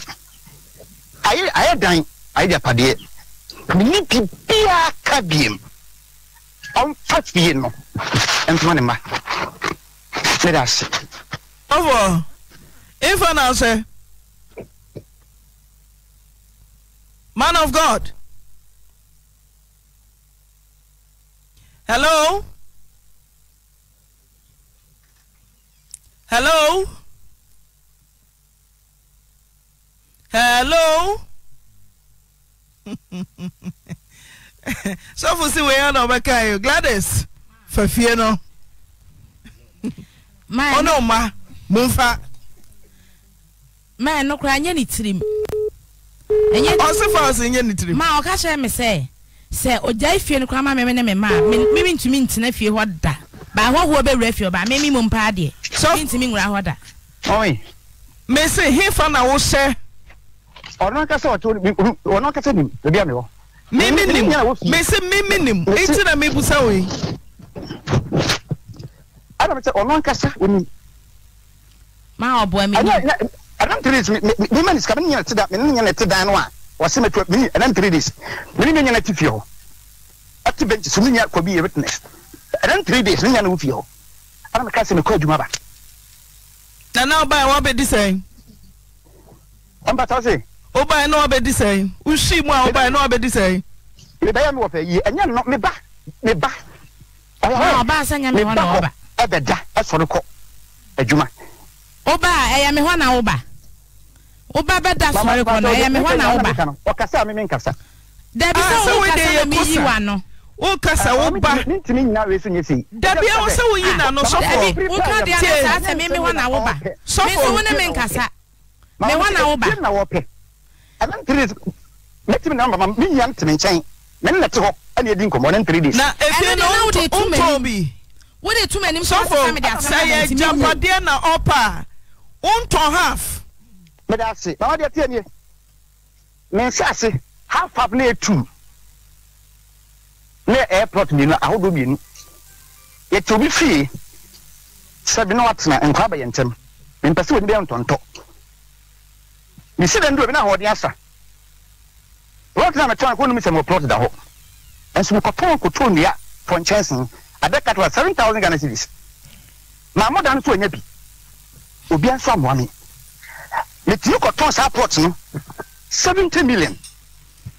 ayɛ ayɛ dan ayɛ de apadeɛ mini biribiara ka biem ɔmfa fie no ɛntoma ne mma ne de ase. ɔfɔ ifa na ase man of god hello. hello hello sọfún sí wẹ́yẹ́ ọ̀nà ọ̀bẹ ká Gladys fẹ̀fíẹ́ nọ ọ̀nà ọ̀ma mò ń fa. maa ẹnu kura nye ni tiri mu. ọsẹ fa ọsẹ nye ni tiri mu. maa ọka kyerẹ mi sẹ sẹ ọjà efie ni kura maa mi ne mi maa mi mi ntumi ntina fie hɔ da. baahɔhoɔ bɛwura fie ɔba memi mu mpaa deɛ mentumi nwura so da mese hefa na wohyɛ ɔno ankasa ɔno ankasa nim baabi a mewɔ meme nim na mebusa wo yi ana mesɛ ɔno ankasa onim ma ɔboa me ɛnam three days mema ne sika mene nyɛ ne te da mene nyɛ ne te dan no a wɔse matua mene ɛnam three days mene nyɛ ne te fie hɔ ate bench so menya kɔbi yɛ witness ɛdɛn three days ne nya ne wo fie hɔ ana meka sɛ mekɔ adwuma ba nana ɔbae wabɛdi sɛn ɔmpata se ɔbae na wabɛdi sɛn wohwii mu a ɔbae na wabɛdi sɛn mebɛyɛ me wɔpɛ yie ɛnyɛ no meba meba meba hɔ ɛbɛda ọba. kɔ adwuma woba a ɛyɛ me hɔ na woba woba bɛda sɔre kɔ no ɛyɛ me hɔ na woba ɔkasa a me menkasa dabi sɛ wode o kasa o ba dabi awo sɛ o yi na no sɔfo tie sɔfo mɛ wɔn na wo ba. na wɔ pɛ ɛna ntiri mɛtiri na mama mi yan tɛmɛ nkyɛn mɛ n nɛti hɔ ɛna edi nkɔmɔ ne ntiri de. na efi na o ntɔ bi. wo de tu mɛnim sɔfo sɛ yɛ japadeɛ na ɔpa o ntɔ half. mɛ de ase mama de ati yɛ nie mɛ half half ne na airport mmienu ahodoɔ mmienu yɛte obi fie sɛ bi na watena nkwa abɛyɛ ntɛm mpɛ sɛ wɔni bɛyɛ ntɔntɔ ne si dɛ ndo obi na ahoɔden asa plɔt na mɛtɔn kɔnum sɛ mo plɔt da hɔ nso mekɔtɔn koto nnua pɔnkyɛnsen adaka to a seven thousand ghana cedis na amoda no so anya bi obi nso amoa me metumi kɔtɔn saa plɔt no seventy million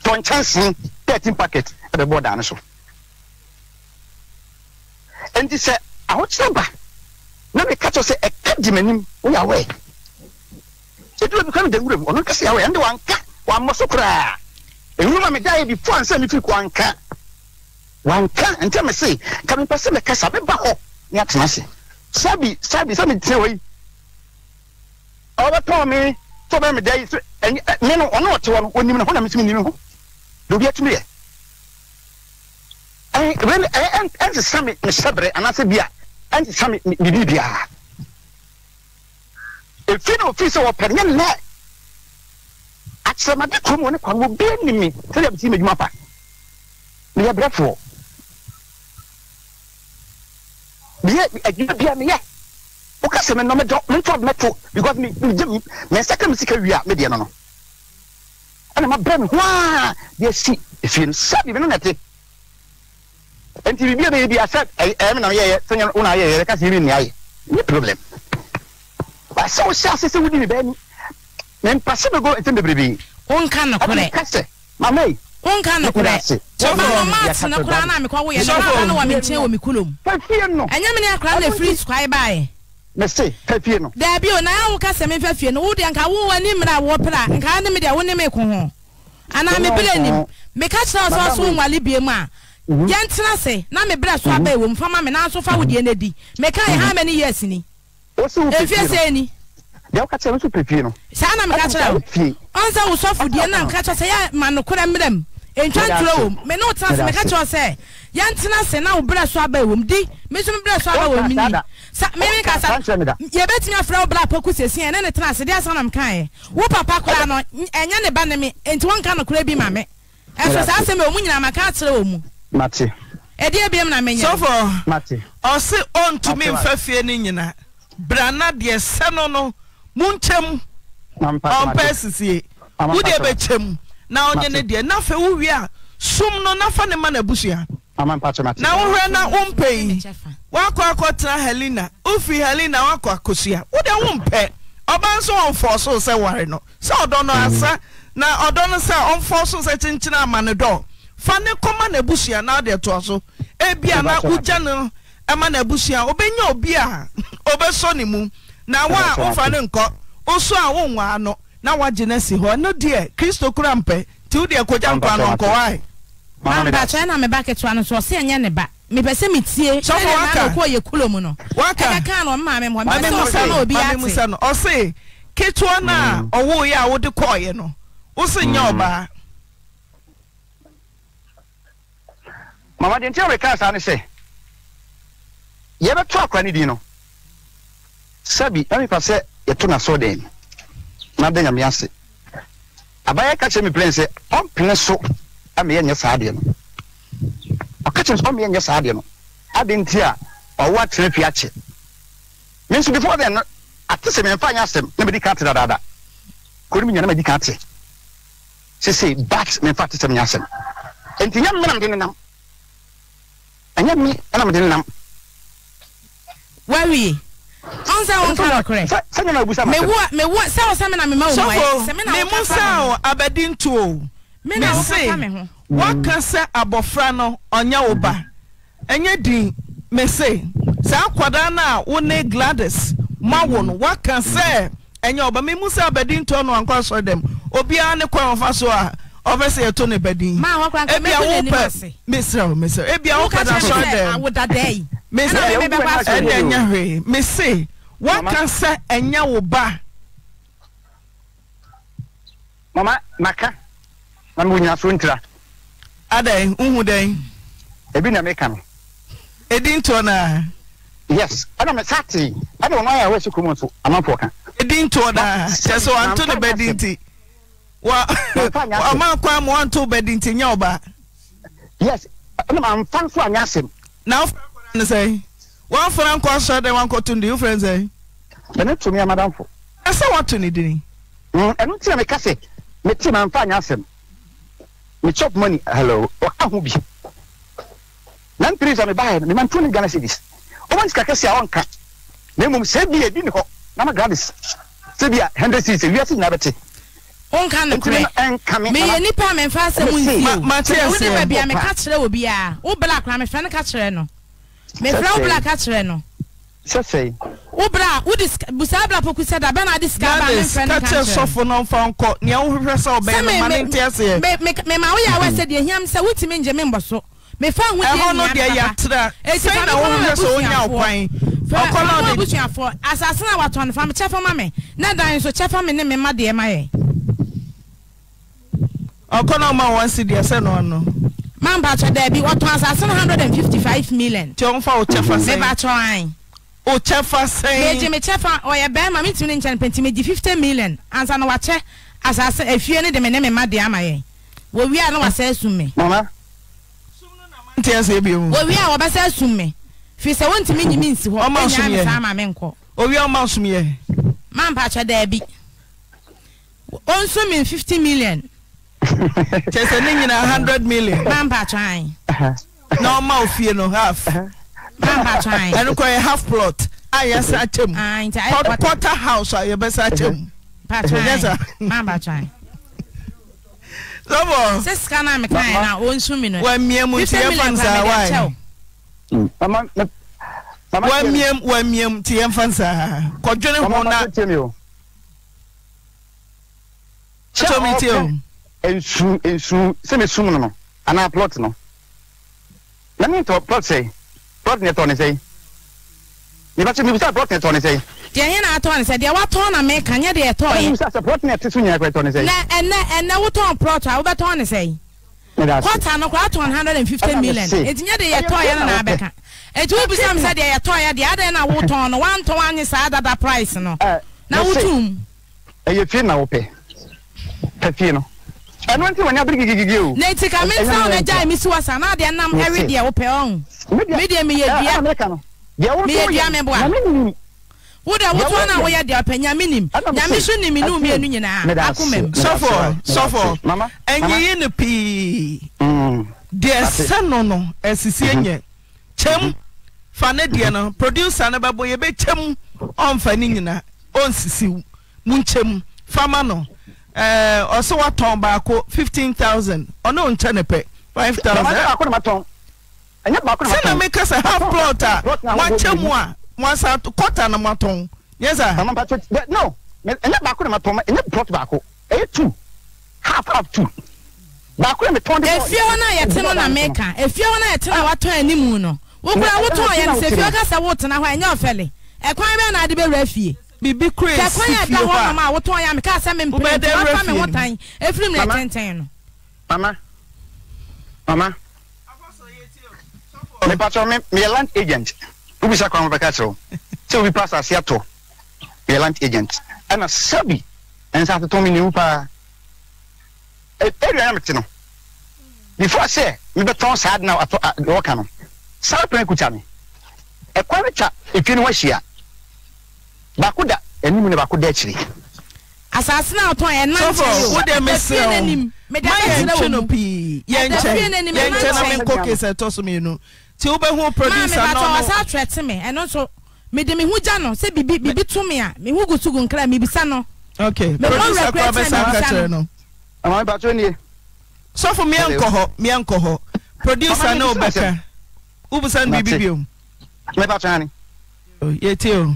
pɔnkyɛnsen thirteen packet ɛbɛbɔ dan no so nti sɛ ahokyerɛ ba na meka kyerɛ sɛ ɛka di m'anim woyɛ awɛ ɛdura bi kwan da nwura mu ɔno kasa yɛ awɛ ɛnde wanka wammɔ so koraa ewuruma mi da yɛ bi fo ansa mi ko anka wanka nta mi se ka mi pɛ sɛ mi kasa mi hɔ ni atena ase sabi sabi sabi tina wɔ yi ɔbɛtɔn mi tɔbɛn mi da yi ɛnyɛ ɛnyɛ no ɔno ɔte hɔ no onim na hɔn na mi nim ho dobi ɛtumi yɛ ɛnsesa me nhyɛberɛ anaasɛ bi a ɛnsesa me biribi biara ɛfi na ɔfiri sɛ wɔpɛ ne nnɛ akyerɛmade kurom wɔ ne kwan wɔbia nim me sɛdeɛ mesi m'adwuma pa meyɛ berɛfoɔ meyɛ adwuma bia meyɛ woka sɛ menɔ medɔ mentɔ mɛto because megye mensɛka me sika wie a medeɛ no no ɛna mabrɛ me ho a deɛ si ɛfie no sɛdeɛ me no na te nti biribi a bɛyɛ bi asɛ ɛyɛ na yɛyɛ sɛ wona yɛyɛ yɛka sɛ yɛbi nnea yɛ nyɛ problem basɛ wo hyɛ ase sɛ wodi ne baani mempa sɛ na nsɛm bebrebee wonka nokorɛ ka sɛ mama yi wonka nokorɛ sɔfɔmaate no koraa na mekɔ woyɛ nobaba no wɔ menkyɛn wɔ me kulom fafie no ɛnyɛ mene akora na firi sukwae baeɛ mese fafie no daabi o na ɛwo ka sɛ memfa fie no wodeɛ nka wo w'ani mmerɛ a wɔpera nka ne me deɛ wo ne me ko ho anaa mebere nim meka kyerɛ wo sɛ wo so wo nwale bie mu Mhm. yɛn tena se na me brɛ so abɛɛ mhm. wɔ mu fama me nanso fa wodeɛ no adi meka yɛ mhm. how many years ni ɛfie sɛ ni deɛ woka kyerɛ me so pɛfie no saa na meka kyerɛ wo ɔn sɛ wo sɔfo na meka kyerɛ sɛ yɛ ma nokorɛ mmerɛ m ntwa ntorɔ wɔ mu me ne wo tena se meka kyerɛ sɛ yɛn tena se na wo brɛ so abɛɛ wɔ mu di me nso me so abɛɛ wɔ mu ni sa mímí kasa yɛbɛtumi afra obìnrin apɔku sɛsi ɛne ne tena ase deɛ asa nam yɛ wo papa koraa no ɛnyɛ ne ba ne mi nti wɔn nka no bi ma mi ɛso saa asɛm yɛ wɔn nyinaa ma mate ɛdeɛ biam na menya sɔfo mate ɔse ɔntumi mfa mfefie ni nyina brana na deɛ sɛ no no monkyɛm ɔmpɛ sisie wodeɛ bɛkyɛm na ɔnyɛ ne deɛ na afei wowie a sum no na fa ne ma n'abusua na wohwɛ na wompɛ yi woakɔ akɔtena helena wofiri helena woakɔ akosua wodeɛ wompɛ ɔba nso ɔmfɔ so sɛ ware no sɛ ɔdɔ no mm. asa na ɔdɔ no sɛ ɔmfɔ so sɛ kyenkyena ama ne dɔɔ fa ne kɔma na abusua na ade toa so ebia na wogya no ɛma na abusua obenya obi a obɛsɔ ne mu na wa a wofa ne nkɔ woso a wonwa ano na wagye no si hɔ ɛno deɛ kristo kora mpɛ nti wodeɛ kogya nkwa no nkɔwae mampakyɛ na meba ketewa no so ɔsɛ ɛnyɛ ne ba mepɛ sɛ metie ɛnɛnanokɔ yɛ kulo mu no ɛkɛka no ɔmma me mmɔ mepɛ sɛ ɔsɛ no obi ate ɔse ketewa no a mm. ɔwoeɛ a wode kɔɔeɛ no wose nyɛ mm. ɔbaa mama deɛ nti a wɔreka saa ne sɛ yɛbɛto akora ne din no sabi ɛmepa sɛ yɛto n'asɔ dɛn na da nyame ase abayɛ ka kyerɛ me plɛn sɛ ɔmpene so ama yɛnyɛ saa deɛ no ɔka kyerɛ sɛ ɔma yɛnyɛ saa deɛ no ade nti a ɔwɔ atena pi akyɛ me nso before then no ate sɛ memfa nyɛ asɛm na medi ka ate dadaada kurom nyana medi ka ate sesei bat memfa ate sɛm nyɛ asɛm enti nyɛ mmenam de nenam ɛnyɛ mi ɛna mi de nam. wari wọn sẹ wọn kàn ọkùnrin. sẹni na ebusa ma sẹ. mewua mewua sẹwọn sẹmi na mema wọn wáyé. sọfọ memu sáwọn abẹdi ntu o. mi na wọn kaka mi ho. wọn kan sẹ abọfra no ọnyẹ ọba ẹnyẹ din mese saa akwadaa naa wone gladys mawo no wakan sẹ ẹnyẹ ọba memu sẹ abẹdi ntu ọ na wọn kọ asọ dẹm obiara ne kọ ọfa so a ọbẹ sẹ yẹ tó ne bẹ din ebi awo pẹ mesirawo mesirawo ebi awo pẹ n'asọ dẹ mesirawo ẹnna ẹnya hwee mesi waka sẹ ẹnya wo ba. mama maka na mo nya so ntira. adan nhu dan. ebi na meka no. edi ntọ na. yes ɛna mɛ sati ɛna wɔn ayɛ awɔ esi kurom nso amanfoɔ kan. edi ntọ na kyɛ sɛ wɔn ato ne bɛ wa ɔma kɔ ama wɔnto bɛdi nti nyɛ ɔba. yes ɛna maa nfa nso anya asem. na wofra nkɔla ne sɛ wɔn fana nkɔ asɔrɔ dɛ wɔn nkɔ tundu wofra nsɛ. bɛnɛ tumi amadamfo. ɛsɛ wɔto ne dini. ɛnu mm, ti na mi ka mi ti maa nfa anya asem mi chop money hello ɔka ho bi na mpiri sɛ mi ba yɛ mi ma n tu ne ghana cities ɔmo nsika kɛse a ɔnka na emu sɛ bi yɛ di ne hɔ na ma gradis sɛ bi a hundred cities ewia si nyina nka ne korɛ meyɛ nipa a memfa asɛm nsiowone baabi a meka kyerɛ wɔ biaa wo bra akora mefrɛ no ka kyerɛ no mefrɛ wo bra ka kyerɛ no wo bra wode busaa bra poku sɛ da bɛna ade sika ba memfrɛ no ka kyerɛ sɔfo no mfa nkɔ nea wohwehwɛ sɛ wobɛyɛ mema ne nte aseɛ mema woyɛ awɛ sɛ deɛ hiam sɛ wotumi ngye membɔ so mefa ho deɛ no deɛ yɛatra sɛi na wohwehwɛ sɛ wonya wo kwan ɔkɔlɔ de asase na watɔn fa mekyɛfa ma me na dan so kyɛfa me ne mema deɛ ma yɛ ọkọ náà ma wọn si diẹ sẹ náà nọ. máa bá aṣọ dẹbi ọtọ asase one hundred and fifty five million. tí o ń fa o kyẹ fa sẹ́yìn. mi bá aṣọ àyìn. o kyẹ fa sẹ́yìn. méjì mi kyẹ fa ọ̀yẹ̀ bẹ́ẹ̀ ma mi ní nkyẹn pẹ̀ntì mi di fifty million ansa na wà kyẹ asase efie ne dèmí ne mi ma di ama yẹn wò wí à ne wà sẹ́ sùn mi. mama ntí ẹ sẹ́ bi mu. wò wí à wọ́n bẹ́ sẹ́ sùn mi fi sẹ́ wọ́n ti mi nsi hɔ ọmọ nsúmi yẹ owi million. kyɛ sɛ ne nyinaa h0n0red million na ɔma ofie no half ɛno kɔyɛ half plot ayɛ sa akyɛ mtar houseayɛbɛsa ayɛmmntiyɛfa sae nsu nsu sɛ me sum no no anaa plot no na me tɔ plot sɛ plot ne tɔ ne sɛ mebɛkyɛ mebisa plot ne tɔ ne sɛ deɛ yɛn na atɔ ne sɛ deɛ watɔ na meka nyɛ deɛ ɛtɔ yɛ mebisa sɛ plot ne ɛte so nyinaa kɔ ɛtɔ ne sɛ na ɛnɛ ɛnɛ wotɔn plot a wobɛtɔ ne sɛ kɔta no koraa tɔn hundred and fifty million eti nyɛ deɛ yɛtɔ yɛ no na abɛka eti wobisa mi sɛ deɛ yɛtɔ yɛ deɛ adɛn na wotɔn no wantɔn anyi saa dada price no na wotum ɛyɛ fie na wopɛ pɛ fie no ɛno nti wɔnyɛ bere gigigigi o. na nti ka mi nsa wɔn agya mi si wasa na adeɛ nam ɛwe deɛ wopɛ ɔn mi deɛ mi yɛ dua mi yɛ dua mi boa wo deɛ wotu ɔna woyɛ deɛ ɔpɛ nyame nim nyame so nim inu mienu nyinaa akomam. sɔfo sɔfo ɛnyiyi no pii deɛ sɛ no no ɛsisi enyɛ kyɛm fa ne deɛ no producer no bɛbɔ yɛ bɛ kyɛm ɔnfa ne nyinaa ɔnsisiw mu nkyɛm fama no. ɔsɛ woatɔn baako 15000 ɔne nkyɛ ne pɛ 5000sɛna meka sɛ half plot a moakyɛ mu a moasa kɔta na moatɔn yɛ sa afie hɔ no a yɛte no na meka afie hɔ a yɛte no a woatɔn animu no wokora wotɔn yɛ no sɛ afie hɔ ka wotena hɔ ɛnyɛ ɔfɛle ɛkwan bɛɛ na ade bɛwura fie bibi kure si fie hɔ a kyɛkwan yɛ da hɔ nom a wotɔn yɛ a meka sɛ mempere nti wafa me ho tan efirim na ɛtɛntɛn no. mama mama mepatɔ me meyɛ land agent wobisa kwan mobɛka kyerɛ wo sɛ wobi pa asase atɔ meyɛ land agent ɛna sabi ɛnsa atotɔn me ne wu paa ɛdua e, na mete no before sɛ mebɛtɔn saa de na atɔ wɔka no saa pɛn kuta me ɛkwan no twa etwa ne ho ahyia baako da anim na baako da akyire. asase na ɔtɔn yɛ nan kyɛn o wode mesrɛ o ma yɛntwe no pii yɛnkyɛ yɛnkyɛ na menkɔ kese ɛtɔ so mmienu nti wobɛhu producer na ɔno maame bàtà ɔsá atwerɛte me ɛno nso mede me ho gya no sɛ bibi bibi to me a me ho gusugu nkira mibisa no. ok producer kora bɛsa akakyerɛ no. maame bàtà onie. sɔfo miɛ nkɔ hɔ miɛ nkɔ hɔ producer na obɛka wobisa no biribi bio. mɛ bàtà ni. yɛ tie o.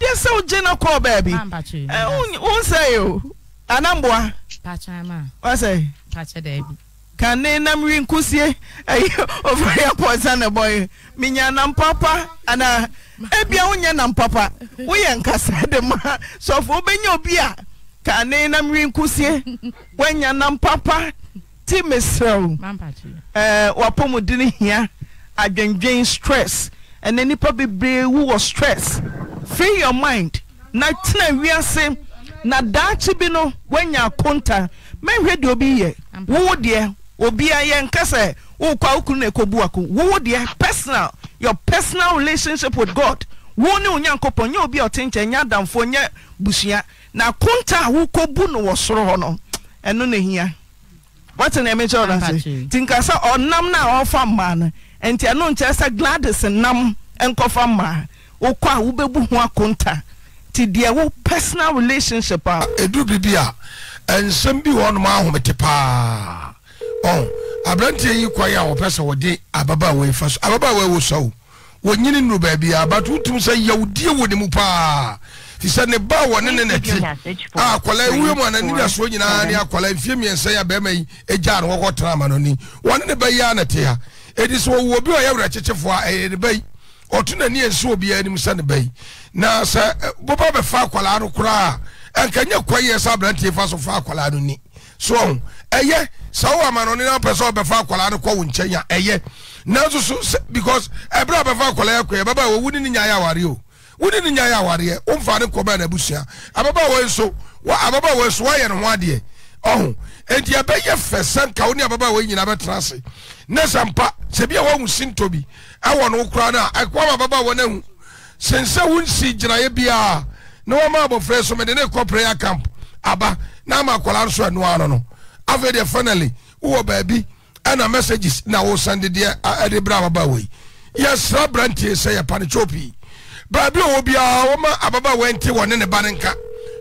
deɛ sɛ wogye no kɔɔ baabi wonsɛe o anamboa wasɛ kane nam wi nkosie ɛyɛ ofori apɔsa ne bɔyɛ menya nampapa anaa ebia wonyɛ nampapa woyɛ nkasa de ma sɔfo wobɛnya obi a kane nam wi nkosie woanya nampapa ti mesrɛw ɛɛ wapɔmuden hia adwendwen stress ɛnɛ nipa bebree wowɔ stress free your mind na tena wiase na daakye bi no woanya akonta mɛnhwɛ deɛ obi yɛ wowo deɛ obia yɛnka sɛ wowokɔ a wokuru na ɛkɔbu ako wowo deɛ personal your personal relationship with god wo ne wo nyankopɔn nyɛ obi a ɔte nkyɛn nyɛ adamfoɔ nyɛ busua na akonta a wokɔbu no wɔ soro hɔ no ɛno na hia na nti nka sɛ ɔnam no a ɔfa mmaa no ɛnti ɛno sɛ gladys nam mmaa wokɔ a wobɛbu ho akonta nti deɛ wo personal relationship a. edu bibi a nsɛm bi wɔ nom ahomete paa ɔn aberanteɛ yi kwan a wɔpɛ sɛ wɔde ababaawa yi fa so ababaawa yi wɔ sawo wɔnyini nuru baabi a abato tum sɛ yawudie wɔ ne mu paa fisɛ ne ba wɔ ne ne nɛti ah, a akwadaa ewuo mu anani da soɔ nyinaa ne akwadaa mfie mmiɛnsa yi a bɛrima yi egya ano wɔkɔ tena ama no ni wɔne ne ba yi a nɛte ha edi so wɔwɔ bi a ɔyɛ wura kyekyefoɔ a ɛyɛ ne ba yi ɔto n'ani ɛnsi obiara anim sɛ bɛyi na sɛ bɔbɔ bɛfa akwadaa no koraa ɛnka nyɛ kwa yɛ sɛ aberanteɛ fa so fa akwadaa no ni so ɔn ɛyɛ sɛ wo ama no ne nam pɛ sɛ ɔbɛfa akwadaa no kɔ wo nkyɛn a ɛyɛ nanso so sɛ because ɛberɛ a ɔbɛfa akwadaa yɛ kɔ yɛ bɛbaa wɔwu ne ne nyaayɛ awareɛ o wo ne ne nyaayɛ awareɛ o nfa ne kɔ bɛɛ n'abusua ababaa wɔn nso wɔ ababaa wɔn nso wɔayɛ Nesampa sampa sɛ bia woahu sinto ɛwɔ no koraa no a ɛkoama baba wɔ no ahu sen sɛ wonsi gyinaeɛ biaa na wɔma abɔfrɛ so mede ne kɔ prayer camp aba na ama akwaraa nso ɛnoa no no afei deɛ finally wowɔ baabi ɛna messages na wosande deɛ ɛde berɛ ababa wɔ yi yɛsra brantie sɛ yɛpa no kyɛ pii baabi ɔwɔ biara wɔma ababa wɔnte wɔ ne ne ba ne nka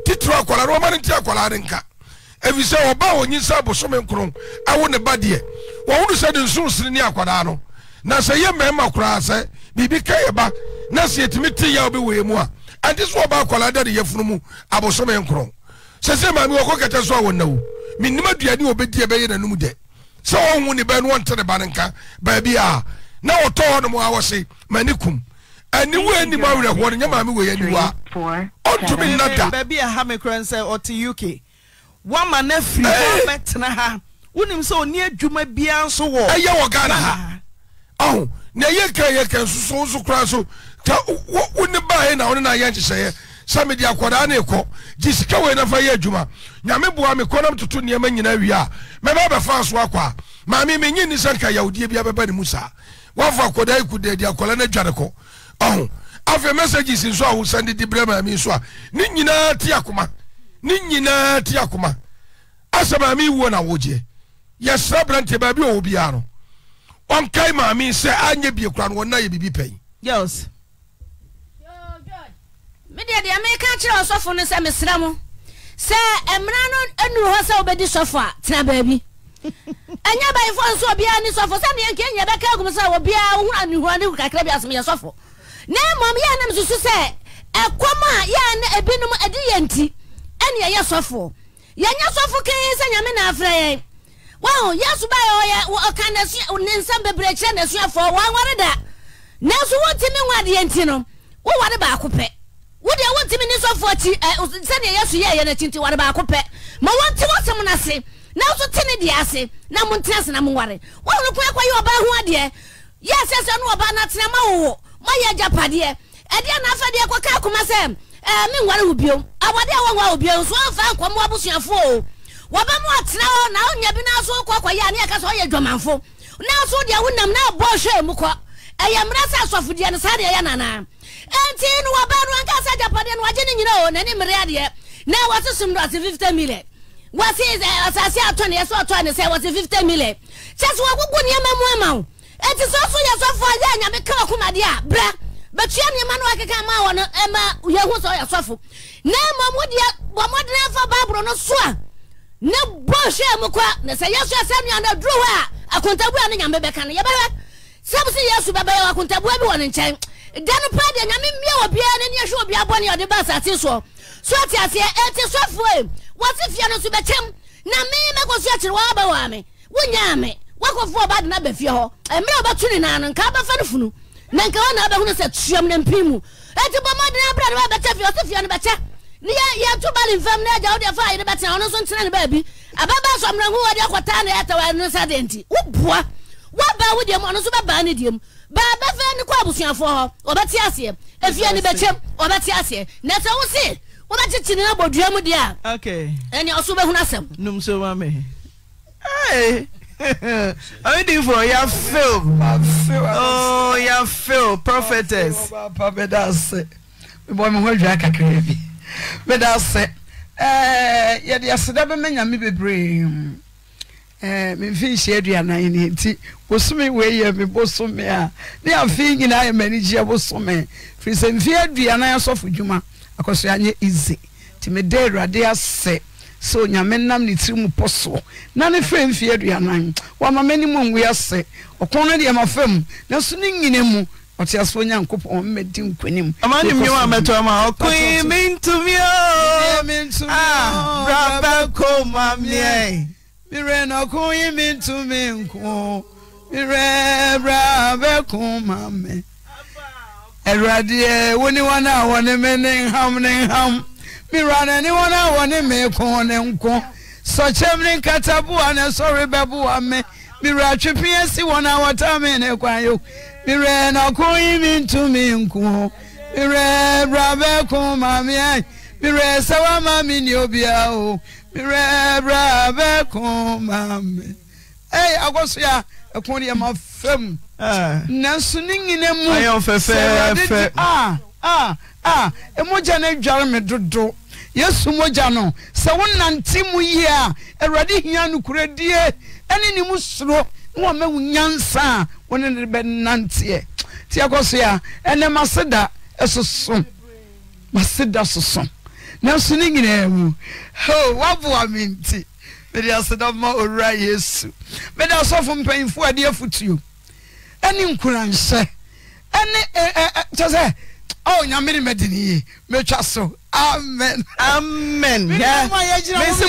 titiri akwaraa no wɔma ne nte akwaraa ne nka ɛfiri sɛ ɔba a ɔnyi abosome nkron awo ne ba deɛ wɔhunu sɛ de nsonsini ne akwadaa no na sɛ yɛ mmarima koraa sɛ biribi ka ba na sɛ yɛtumi te yɛ a wobɛwɔ yɛ mu a ɛnte so wɔba akwadaa da ne yɛfunu mu abosome nkorɔ sɛ sɛ maame wɔkɔ kɛtɛ so a wɔnna wo menim aduane a wɔbɛdi ɛbɛyɛ n'anom dɛ sɛ wɔnhu ne bɛn no wɔnte ne ba ne nka baabi a na wɔtɔ hɔ nom a wɔse m'ani kum aniwu anim awerɛhoɔ no nyɛ maame wɔ yɛ aniwu a ɔntumi nna da baabi wonim sɛ ɔni adwuma bia nso wɔ. ɛyɛ wɔ ghana ha ah. ɔhun na yɛ kɛ yɛ kɛ nsoso nso kura so ta wo wo ne ba yɛ na ɔne na yɛ nhyehyɛeɛ sami di akwadaa ne kɔ gye sika wɔ yɛ nafa yɛ adwuma nyame bua me kɔ nam tutu nneɛma nyinaa wia mɛma bɛfa so akɔ a maame mi nye nisa nka yawudie bi abɛba ne mu saa wafa akwadaa ku deedi akwadaa ne dwa ne kɔ ɔhun afei messages nso a wosan de di brɛ maame nso a ne nyinaa ti akoma ne nyinaa ti akoma asɛ maame wuo na wogyeɛ yɛserɛ bera ntɛ baabi ɔwɔ biaa no ɔkae mame sɛ ayɛ bia kora no ɔna yɛbibi pɛmeakyerɛ sfo ɛmeɛmɛ ɛfan wɔn yasu ba yɛ ɔka n'asua ne nsɛm bebree kyerɛ n'asuafoɔ wɔnware da nanso wɔntumi nwa adeɛ nti no wɔware baako pɛ wodeɛ wɔntumi ne sɔfoɔ akyi ɛ sɛdeɛ yasu yɛ yɛ n'akyi nti wɔre baako pɛ ma wɔnte wɔsɛm n'ase nanso te ne deɛ ase na mo ntena ase na mo ware wɔn no kɔɛ kɔyɛ ɔbaa ho adeɛ yɛ asɛsɛ no ɔbaa n'atena ma wowo ma yɛ agyapadeɛ ɛdeɛ n'afɛdeɛ kɔka akoma sɛ ɛɛ me nware wo bio awadeɛ wɔn wa wo bio nso wɔn fa nkɔmɔ abusuafoɔ o. wɔbɛmu atena hɔ na wonya bi naso wokɔ kɔyɛ a ne yɛka ɔyɛ adwamanfo naso deɛ wonam na abɔ hwɛ mu kɔ ɛyɛ mmerɛ sɛ asɔfodeɛ no saa deɛ yɛ nanaa ɛnti no wɔbɛ no ankasa agyapadeɛ no wɔgye ne nyina o nani mmerɛ adeɛ na wɔse som no ɔse 50 million wɔse asase atɔ ne yɛ ɔtɔ ne sɛ wɔse 50 million kyɛ sɛ wɔgogo nneɛma mu ama wo ɛnti sɛ so yɛ sɔfoɔ yɛ nyame ka ɔkomadeɛ a bra bɛtua nneɛma no wakeka ma wɔ no ɛma yɛhu sɛ ɔyɛ sɔfo na mmom wodeɛ bɔmmɔdena fa baaboro no so a ne bɔ hwɛ mu kɔ na sɛ yɛsu asɛm nua no aduru hɔ a akontabua no nyame bɛka no yɛbɛhwɛ sɛm sɛ yesu bɛbɛyɛ akontabua bi wɔ ne nkyɛn da no paa deɛ nyame mmia wɔ biara ne ne ɛhwɛ obi abɔ ne ɔde ba asase soɔ so ate aseɛ ɛte sɔfoe wɔte fie no nso bɛkyɛm na me mɛkɔ so akyere wɔ abɛwɔ ame wonyaa me wakɔfoɔ ɔba de no aba fie hɔ mmerɛ wɔbɛto nyinaa no nka abɛfa no funu na nka hɔ na abɛhunu sɛ tuam ne mpin mu ɛti bɔ mmɔden abrɛ ne wɔabɛkyɛ fie ɔte fie no bɛkyɛ ne ya to bale fam na ya wodfa yno bɛe no eano babi baba saeu meda sɛ eh, yɛde aseda bɛma nyame bebree eh, memfi nhyia aduanan ne nti bosome weiyɛ me bosome a ne afei nyinaa yɛ m'ani gyeɛ bosome firi sɛ mfe aduanan asɔfo dwuma akɔsoa nyɛ ize nti meda awurade asɛ sɛ onyame nam ne tiri mu pɔ soɔ na ne frɛ mfe aduanan wama m'anim ngu asɛ ɔkɔn no deɛ ma fam nanso ne nyina mu ɔte asoɔ nyankopɔn mmɛdi nkonim ɔma ne mmiem a mɛtɔ ma ɔkoe mentumi ah, braba koma meɛ merɛ no ɔkoe mentumi nko merɛ braba koma me awuradeɛ wo ne wɔn a wɔne me ne nham ne nham mewura no ne wɔn a wɔne me ko ne nko sɔkyɛm ne nkataboa ne sɔre bɛboa me mewura twepeɛ si wɔn a wɔta ne kwan yo mirɛ na ko yi mi ntumi nko mirɛ brabɛ ko maame ayi mirɛ sawa maame ni obia o mirɛ brabɛ ko maame ɛyi akɔso ya ɛko deɛ ma fɛm nanso ne nyina mu sɛ ɛde ti a a a emu gya ne dware me dodo yesu mogya no sɛ wonante mu yie a awurade hia nokoradie ɛne ne mu suro na wɔmɛwo nyansa a wo ne bɛ nanteɛ tiɛ kɔ so a ɛnɛ maseda soso maseda soso nanso ne nyinaa mu ho waboa me nti mede aseda ma owura yesu mede asɔfo mpanyimfoɔ ade afotuo ɛne nkuranhyɛ ɛne ɛ ɛ kyɛ sɛ oh nyame ne madini yi so amen amen mesi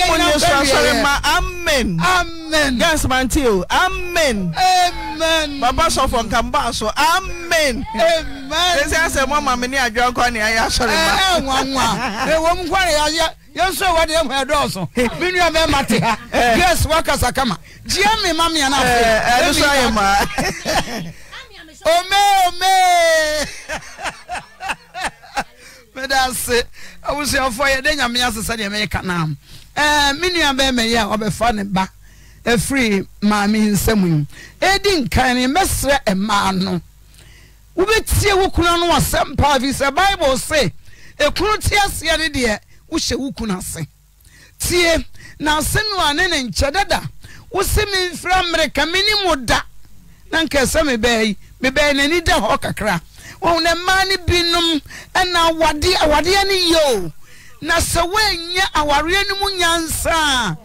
mu ne so asɔre ma amen amen gas mante o amen amen baba sɔfo nka mba so amen amen esi asɛ mo ama eh, eh, eh, mi ni ya nkɔ ne e ma nwanwa ewo mu nkɔ ya yɛ yɛnso ewa de ehu ɛdɔɔso kama mi ma ome. mede ase abusuafoɔ yɛde nyame ase sɛdeɛ meyɛka no am me nua bɛɛma a ɔbɛfa ne ba afiri maame nsɛm yi ɛdi nkan no mɛsrɛ mmaa no wobɛtie wo kunu no wɔsɛm paa firi sɛ bible se ɛkunu te aseɛ no deɛ wohyɛ wo kunu ase tie na asɛm a ne ne nkyɛ dada wosi mi mfiri amerika mi da na nkɛsɛ mi bɛɛ yi n'ani wɔn na mmaa no binom na awade awadeɛ no yie o na sɛ wɔanya awareɛ no mu nyansa a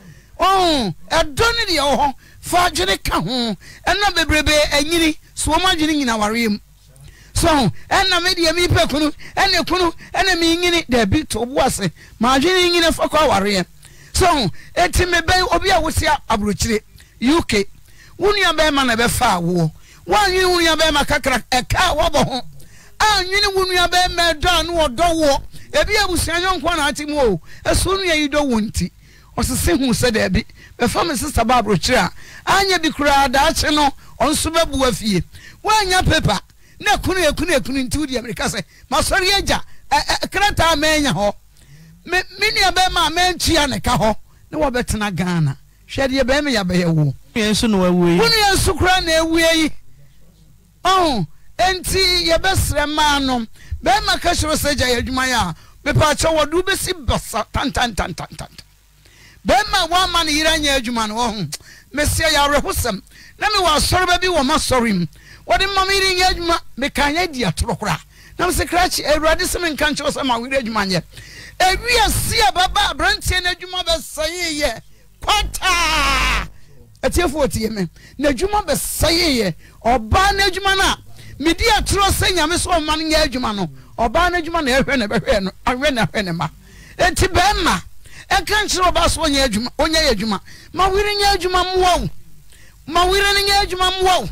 ɔn ɛdɔ no deɛ wɔ hɔ fa adwene ka ho ɛna bebrebe anyini so wɔn adwene nyina awareɛ mu so ɛna me deɛ mepɛ kunu ɛna kunu ɛna menyini daabi to bu ase ma adwene nyina fa kɔ awareɛ so eti mebɛn obi a wosi aburokyire uk wo nua bɛrima na ɛbɛfa awoɔ wɔanwene wo nua bɛrima kakra ɛka a wɔbɔ ho a nwene wo nua bɛɛma dɔ a ne wɔdɔ ebi abusua yɔnko na mu o esuo nua yi dɔ wɔ nti ɔsese hu sɛ dɛbi bɛfa me sista ba aburokyire a anya bi koraa daakye no ɔnso bɛbu afie wanya pepa na ekunu ekunu ekunu nti wo di amirika sɛ masɔre agya ɛɛ krataa mɛnya hɔ me me nua bɛɛma a mɛnkyia ne ka hɔ ne wɔbɛtena ghana hwɛ deɛ bɛɛma yɛ abɛyɛ wo. wo nua nso koraa na ewie yi ɔn. nti yɛbɛsrɛ mmaa no bɛrima ka kyerɛ sɛ gya yɛ adwuma yɛ a mepaakyɛ wɔde wobɛsi basa tantantantantanta bɛrima a woama ne yere anyɛ adwuma no ɔho mesia yɛ awerɛhosɛm na mewɔ asɔre ba bi wɔ masɔre mu wɔde ma me yere nyɛ adwuma meka nyɛ di atoro koraa na mese krakye awurade sɛ menka nkyerɛ sɛ ma woyere adwuma nyɛ awiase a bɛba aberanteɛ no adwuma bɛsɛyeyɛ kwataa atiefoɔ tie me na adwuma bɛsɛyeyɛ ye oba adwuma no na medi atorɔ sɛ nyame sɛ ɔma no nyɛ adwuma no ɔbaa no adwuma na ɛhwɛ ne bɛhwɛ no ahwɛ ne ahwɛ ne ma enti bɛrima ɛka nkyerɛ ɔbaa so ɔnyɛ adwuma ɔnyɛ yɛ adwuma ma wiri nyɛ adwuma mmoa wo ma wiri no nyɛ adwuma mmoa wo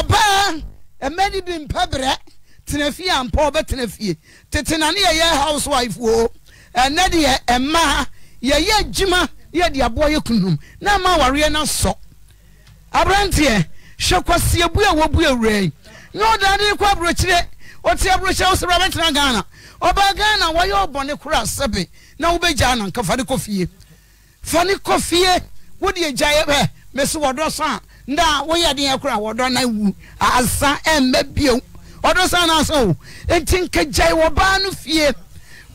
ɔbaa ɛmɛ ni bi mpɛ brɛ tena fie ampa ɔbɛtena fie tete na ne yɛyɛ housewife o ɛnɛ deɛ ɛmaa yɛyɛ adwuma yɛde aboa yɛ kunum na ama awareɛ no asɔ aberanteɛ hwɛ kwaseabu a wɔbu awura yi na ɔdaa de kɔ aburokyire ɔte aburokyire wosɛ bra bɛtena ghana ɔba ghana wɔyɛ ɔbɔne kora sɛbe na wobɛgya na nka fa ne kɔ fie fa ne kɔ fie wode agyaeɛ bɛ mɛsi wɔdɔ so a nda woyɛ deɛ kora wɔdɔ na wu asa ɛmmɛ bio ɔdɔ sa na asa o nti nkagyae wɔbaa no fie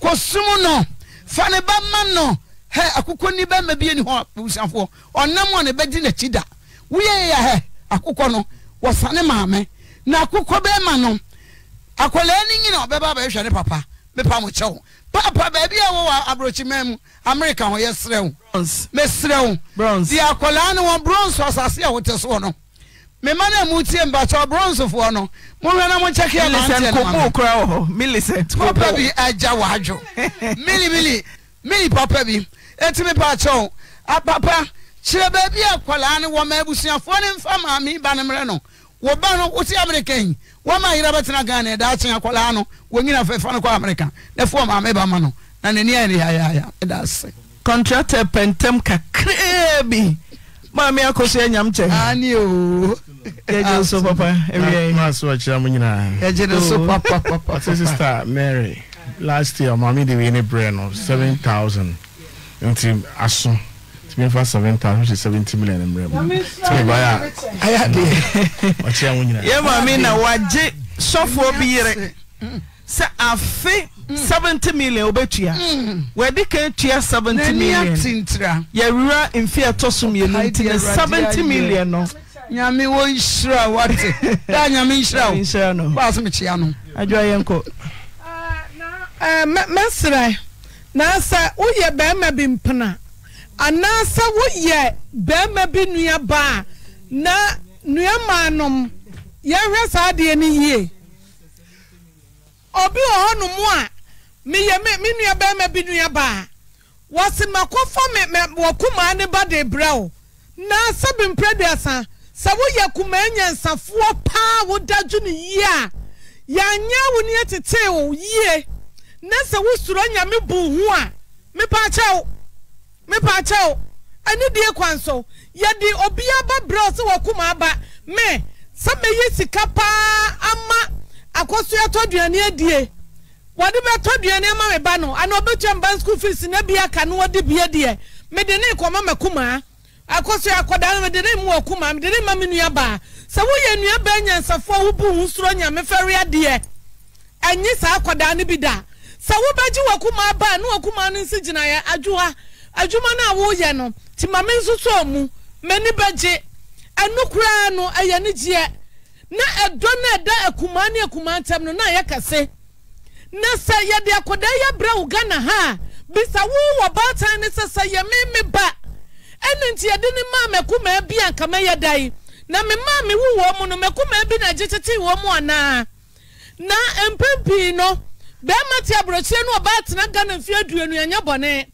kɔsum no fa ne ba ma no hɛ akokɔ ni bɛma bie ni hɔ abusuafoɔ ɔnam a ne bɛdi n'akyi da woyɛ yɛ hɛ akokɔ no wɔsane maame na akokɔ bɛrima no akwadaa no nyina ɔbɛba abɛhwɛ ne papa mepa mo kyɛw papa baabi a wɔwɔ aburokyiman mu amerika ho yɛsrɛ wo mesrɛ wo deɛ akwadaa no wɔn bronze asase a wɔte soɔ no mema no mu tie mbakyɛ bronzefoɔ no mohwɛ na mokyɛke amanteɛpapa bi agya wɔadwo milimili mili papa bi ɛti mepa kyɛw apapa kyerɛ baabi a akwadaa no wɔ ma abusuafoɔ ne mfa maame ba no mmerɛ no wo ba no wosi amerika yi wɔma yera bɛtena ghana ɛda akyen akwadaa no wɔnyina fɛfa no kɔ amerika na fo maame ba ma no na n'ani ayɛ ne yayaya ɛda ase. kɔntrata pɛntɛm kakraa bi maame akɔso anyam kyɛ. ani o. yɛgye nso papa ewia yi. maa so akyerɛ mo nyinaa. yɛgye so oh. papa papa. ɔte sista mary last year maame de wei ne brɛ no seven thousand nti aso tìmí fa seven thousand to seventy million mìíràn mu tìmí báyà ayáde ọ̀kyẹ́ àwọn nyina. yẹ maami na wàgye sọfọ bi yẹrẹ sẹ afe seventy million obetua wẹdi kan tua seventy million yẹwura nfi ẹtọ so mmienu nti na seventy million no. nyame wo nhyira wate daa nyame nhyira wo waasomekyea no adwa yɛ nkɔ mɛserɛ na sɛ woyɛ bɛrima bi mpena anaasɛ woyɛ bɛrima bi nua baa na nua maanom yɛhwɛ saa adeɛ no yie obi wɔ hɔnom a meyɛ me me nua bɛrima bi nua baa wɔsi makɔfa me me wɔkumaa ne ba de brɛ o na sɛbi mprɛduasa sɛ woyɛ kumaa nyansafoɔ paa wodadwo ne yie a yɛanyɛ wo ne ɛtete wo yie na sɛ wosuro nyame bu ho a mepaakyɛw mepa kyɛw ɛne deɛ kwan so yɛde obiara ba brɛ ɔsɛ wɔkoma aba mɛ sɛ mɛyɛ sika paa ama akɔso ɛtɔ duane adie wɔde bɛtɔ duane ama me ba no ana ɔbɛtua mba school fees na bi aka no wɔde bi adie mede ne kɔma ma kumaa akɔso akɔda no mede ne mu wɔ kumaa mede ne ma me nua baa sɛ woyɛ nua baa nyansafoɔ wobu wo soro nyame fɛre adeɛ ɛnye saa akɔda no bi da sɛ wobɛgye wɔ kumaa baa ne wɔ kumaa no nsi gyina adwoa adwuma no a woyɛ no nti maame nso so mu m'ani bɛgye ɛno koraa no ɛyɛ ne gyeɛ na ɛdɔ no ɛda akumaa ne akumaa ntam no na yɛ kɛse na sɛ yɛde akɔda yɛ brɛ wo ghana ha a bisa wo wɔ baatan ne sɛ sɛ yɛ me me ba ɛne nti yɛde ne maa mɛkumaa bi a nkama yɛ da yi na me maa me wu wɔn mu no mɛkumaa bi na gye tete wɔn mu anaa na mpempi no bɛrima te aburokyire no ɔbaa tena ghana mfe aduonu ɛnyɛ bɔnee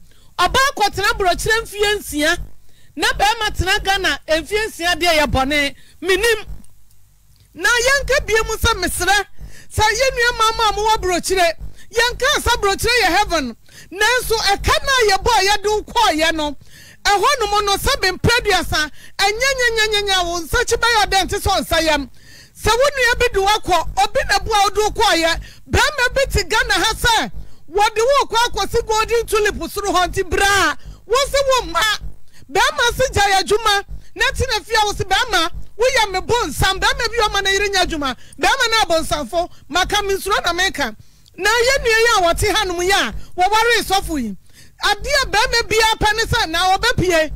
ɔbaa kɔtena borɔkyerɛ mfie nsia na bɛrima tena ghana mfie nsia deɛ yɛ bɔne menim na yɛnka bie mu sɛ meserɛ sɛ yɛ nnua maama a mowɔ borɔkyerɛ yɛnka sɛ borɔkyerɛ yɛ heaven nanso ɛka no a yɛbɔ a yɛde wokɔɔyɛ no ɛhɔ nom no sɛ bemprɛduasa ɛnyɛ nyanyanyanya wo nsakyi bɛyɛ ɔdɛ nte sɛ ɔnsa yam sɛ wo nnua bi de woakɔ obi na boa wode wokɔɔyɛ bɛrima bi te ghana ha sɛ wɔde wɔn kɔ akɔsi golden tulip soro hɔ nti braa wɔsi wɔn mma bɛrima si gya yɛ adwuma n'akyi na fi a wɔsi bɛrima woyɛ me bonsam bɛrima bi ɔma na yere nya adwuma bɛrima na abonsamfo maka mi nsoro na meka na yɛ nua yi a wɔte hanom yi a wɔware sɔfo yi adeɛ bɛrima bi apɛ ne sɛ na wɔbɛpie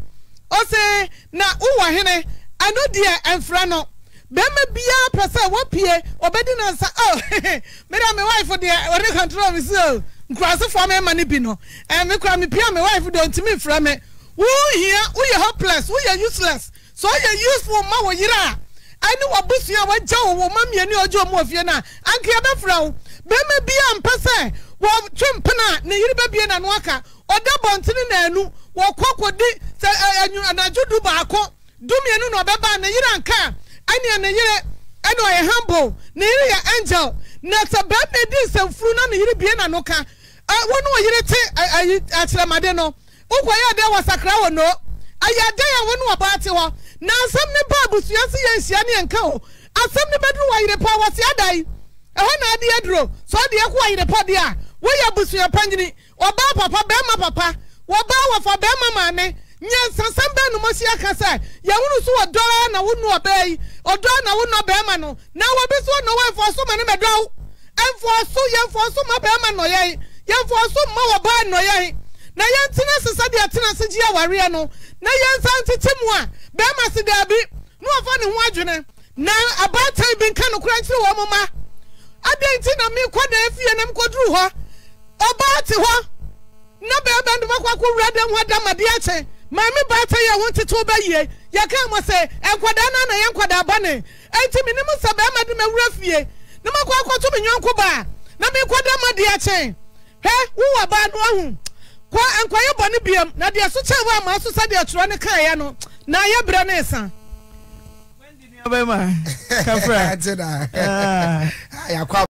ɔsi na wowɔ hene ɛno deɛ ɛmfra no bɛrima biara pɛ sɛ wɔpie ɔbɛdi ne nsa ɔ mɛdɛ mi wife deɛ ɔde control mi si o nkurasifoɔ mi ma ne bi no ɛmi eh, kura mi pia mi wife de ntumi nfura mi wuhia wuyɛ hopeless wuyɛ useless so ɔyɛ useful ma wɔ yira a ɛne wɔ busua wɔgya wɔ wɔn ma mmienu ɔgye wɔn ofie na ankeɛ bɛfra wo bɛrima bi a mpɛ sɛ wɔtwe mpena ne yiri bɛbie na no aka ɔda bɔntene na anu wɔkɔ kɔdi sɛ ɛnyu anadwo du baako du mmienu na ɔbɛba ne yiri anka ɛne ne yiri ɛne ɔyɛ humble ne yiri yɛ angel na sɛ bɛrima di nsɛmfuru na ne yiri bie na no ka wọn ni wọn yiri ti ayi akyerɛmade no nkɔ yɛ adeɛ wɔ sakra wɔ no ayi adeɛ yɛn wɔn ni wɔn baate hɔ na asɛm ne ba abusua si yɛn nhyia ne yɛn ka o asɛm ne bɛduru wɔ yiri pa wɔ si adan ɛhɔ na adi duro so adeɛ kɔ wɔ yiri pa deɛ a wɔyɛ abusua panyini ɔbaa papa bɛrima papa wɔbaa wɔfa bɛrima maame nyɛ nsansam bɛɛ na wɔsi aka sɛ yɛwuru so wɔ dɔɔ na wunu ɔbaa yi ɔdɔɔ na wunu bɛrima no na wɔbi so na wɔn efo so ma ne bɛ dɔw so yɛ efo so ma bɛrima na ɔyɛ yi. yɛmfoɔ so mma wɔbaa nnɔyɛhe na ya se sɛdeɛ tena se gye awareɛ no na ya ntete mu a bɛrima ya daabi na wɔfa ne ho adwene na abaatan bi nka nokora nkyerɛ wɔ mo ma adɛn nti na mekɔ na afie na mekɔduru hɔ ɔbaa te hɔ na bɛɛbɛ ndoma kɔ akɔwura dɛm hɔ damadeɛ akyɛ maame baata yɛka mo sɛ nkwadaa no ana yɛ nkwadaa bɔne ɛnti menim sɛ bɛrima de fie na makɔ akɔto me nyɔnko na mekɔ akyɛn hwɛ wowɔ baa no ahu kɔ nkɔyɛ bɔ no biam na deɛ so kyɛn wɔ ama so sɛdeɛ twerɛ no kaeɛ no na ayɛ berɛ no ɛsa bɛma kafra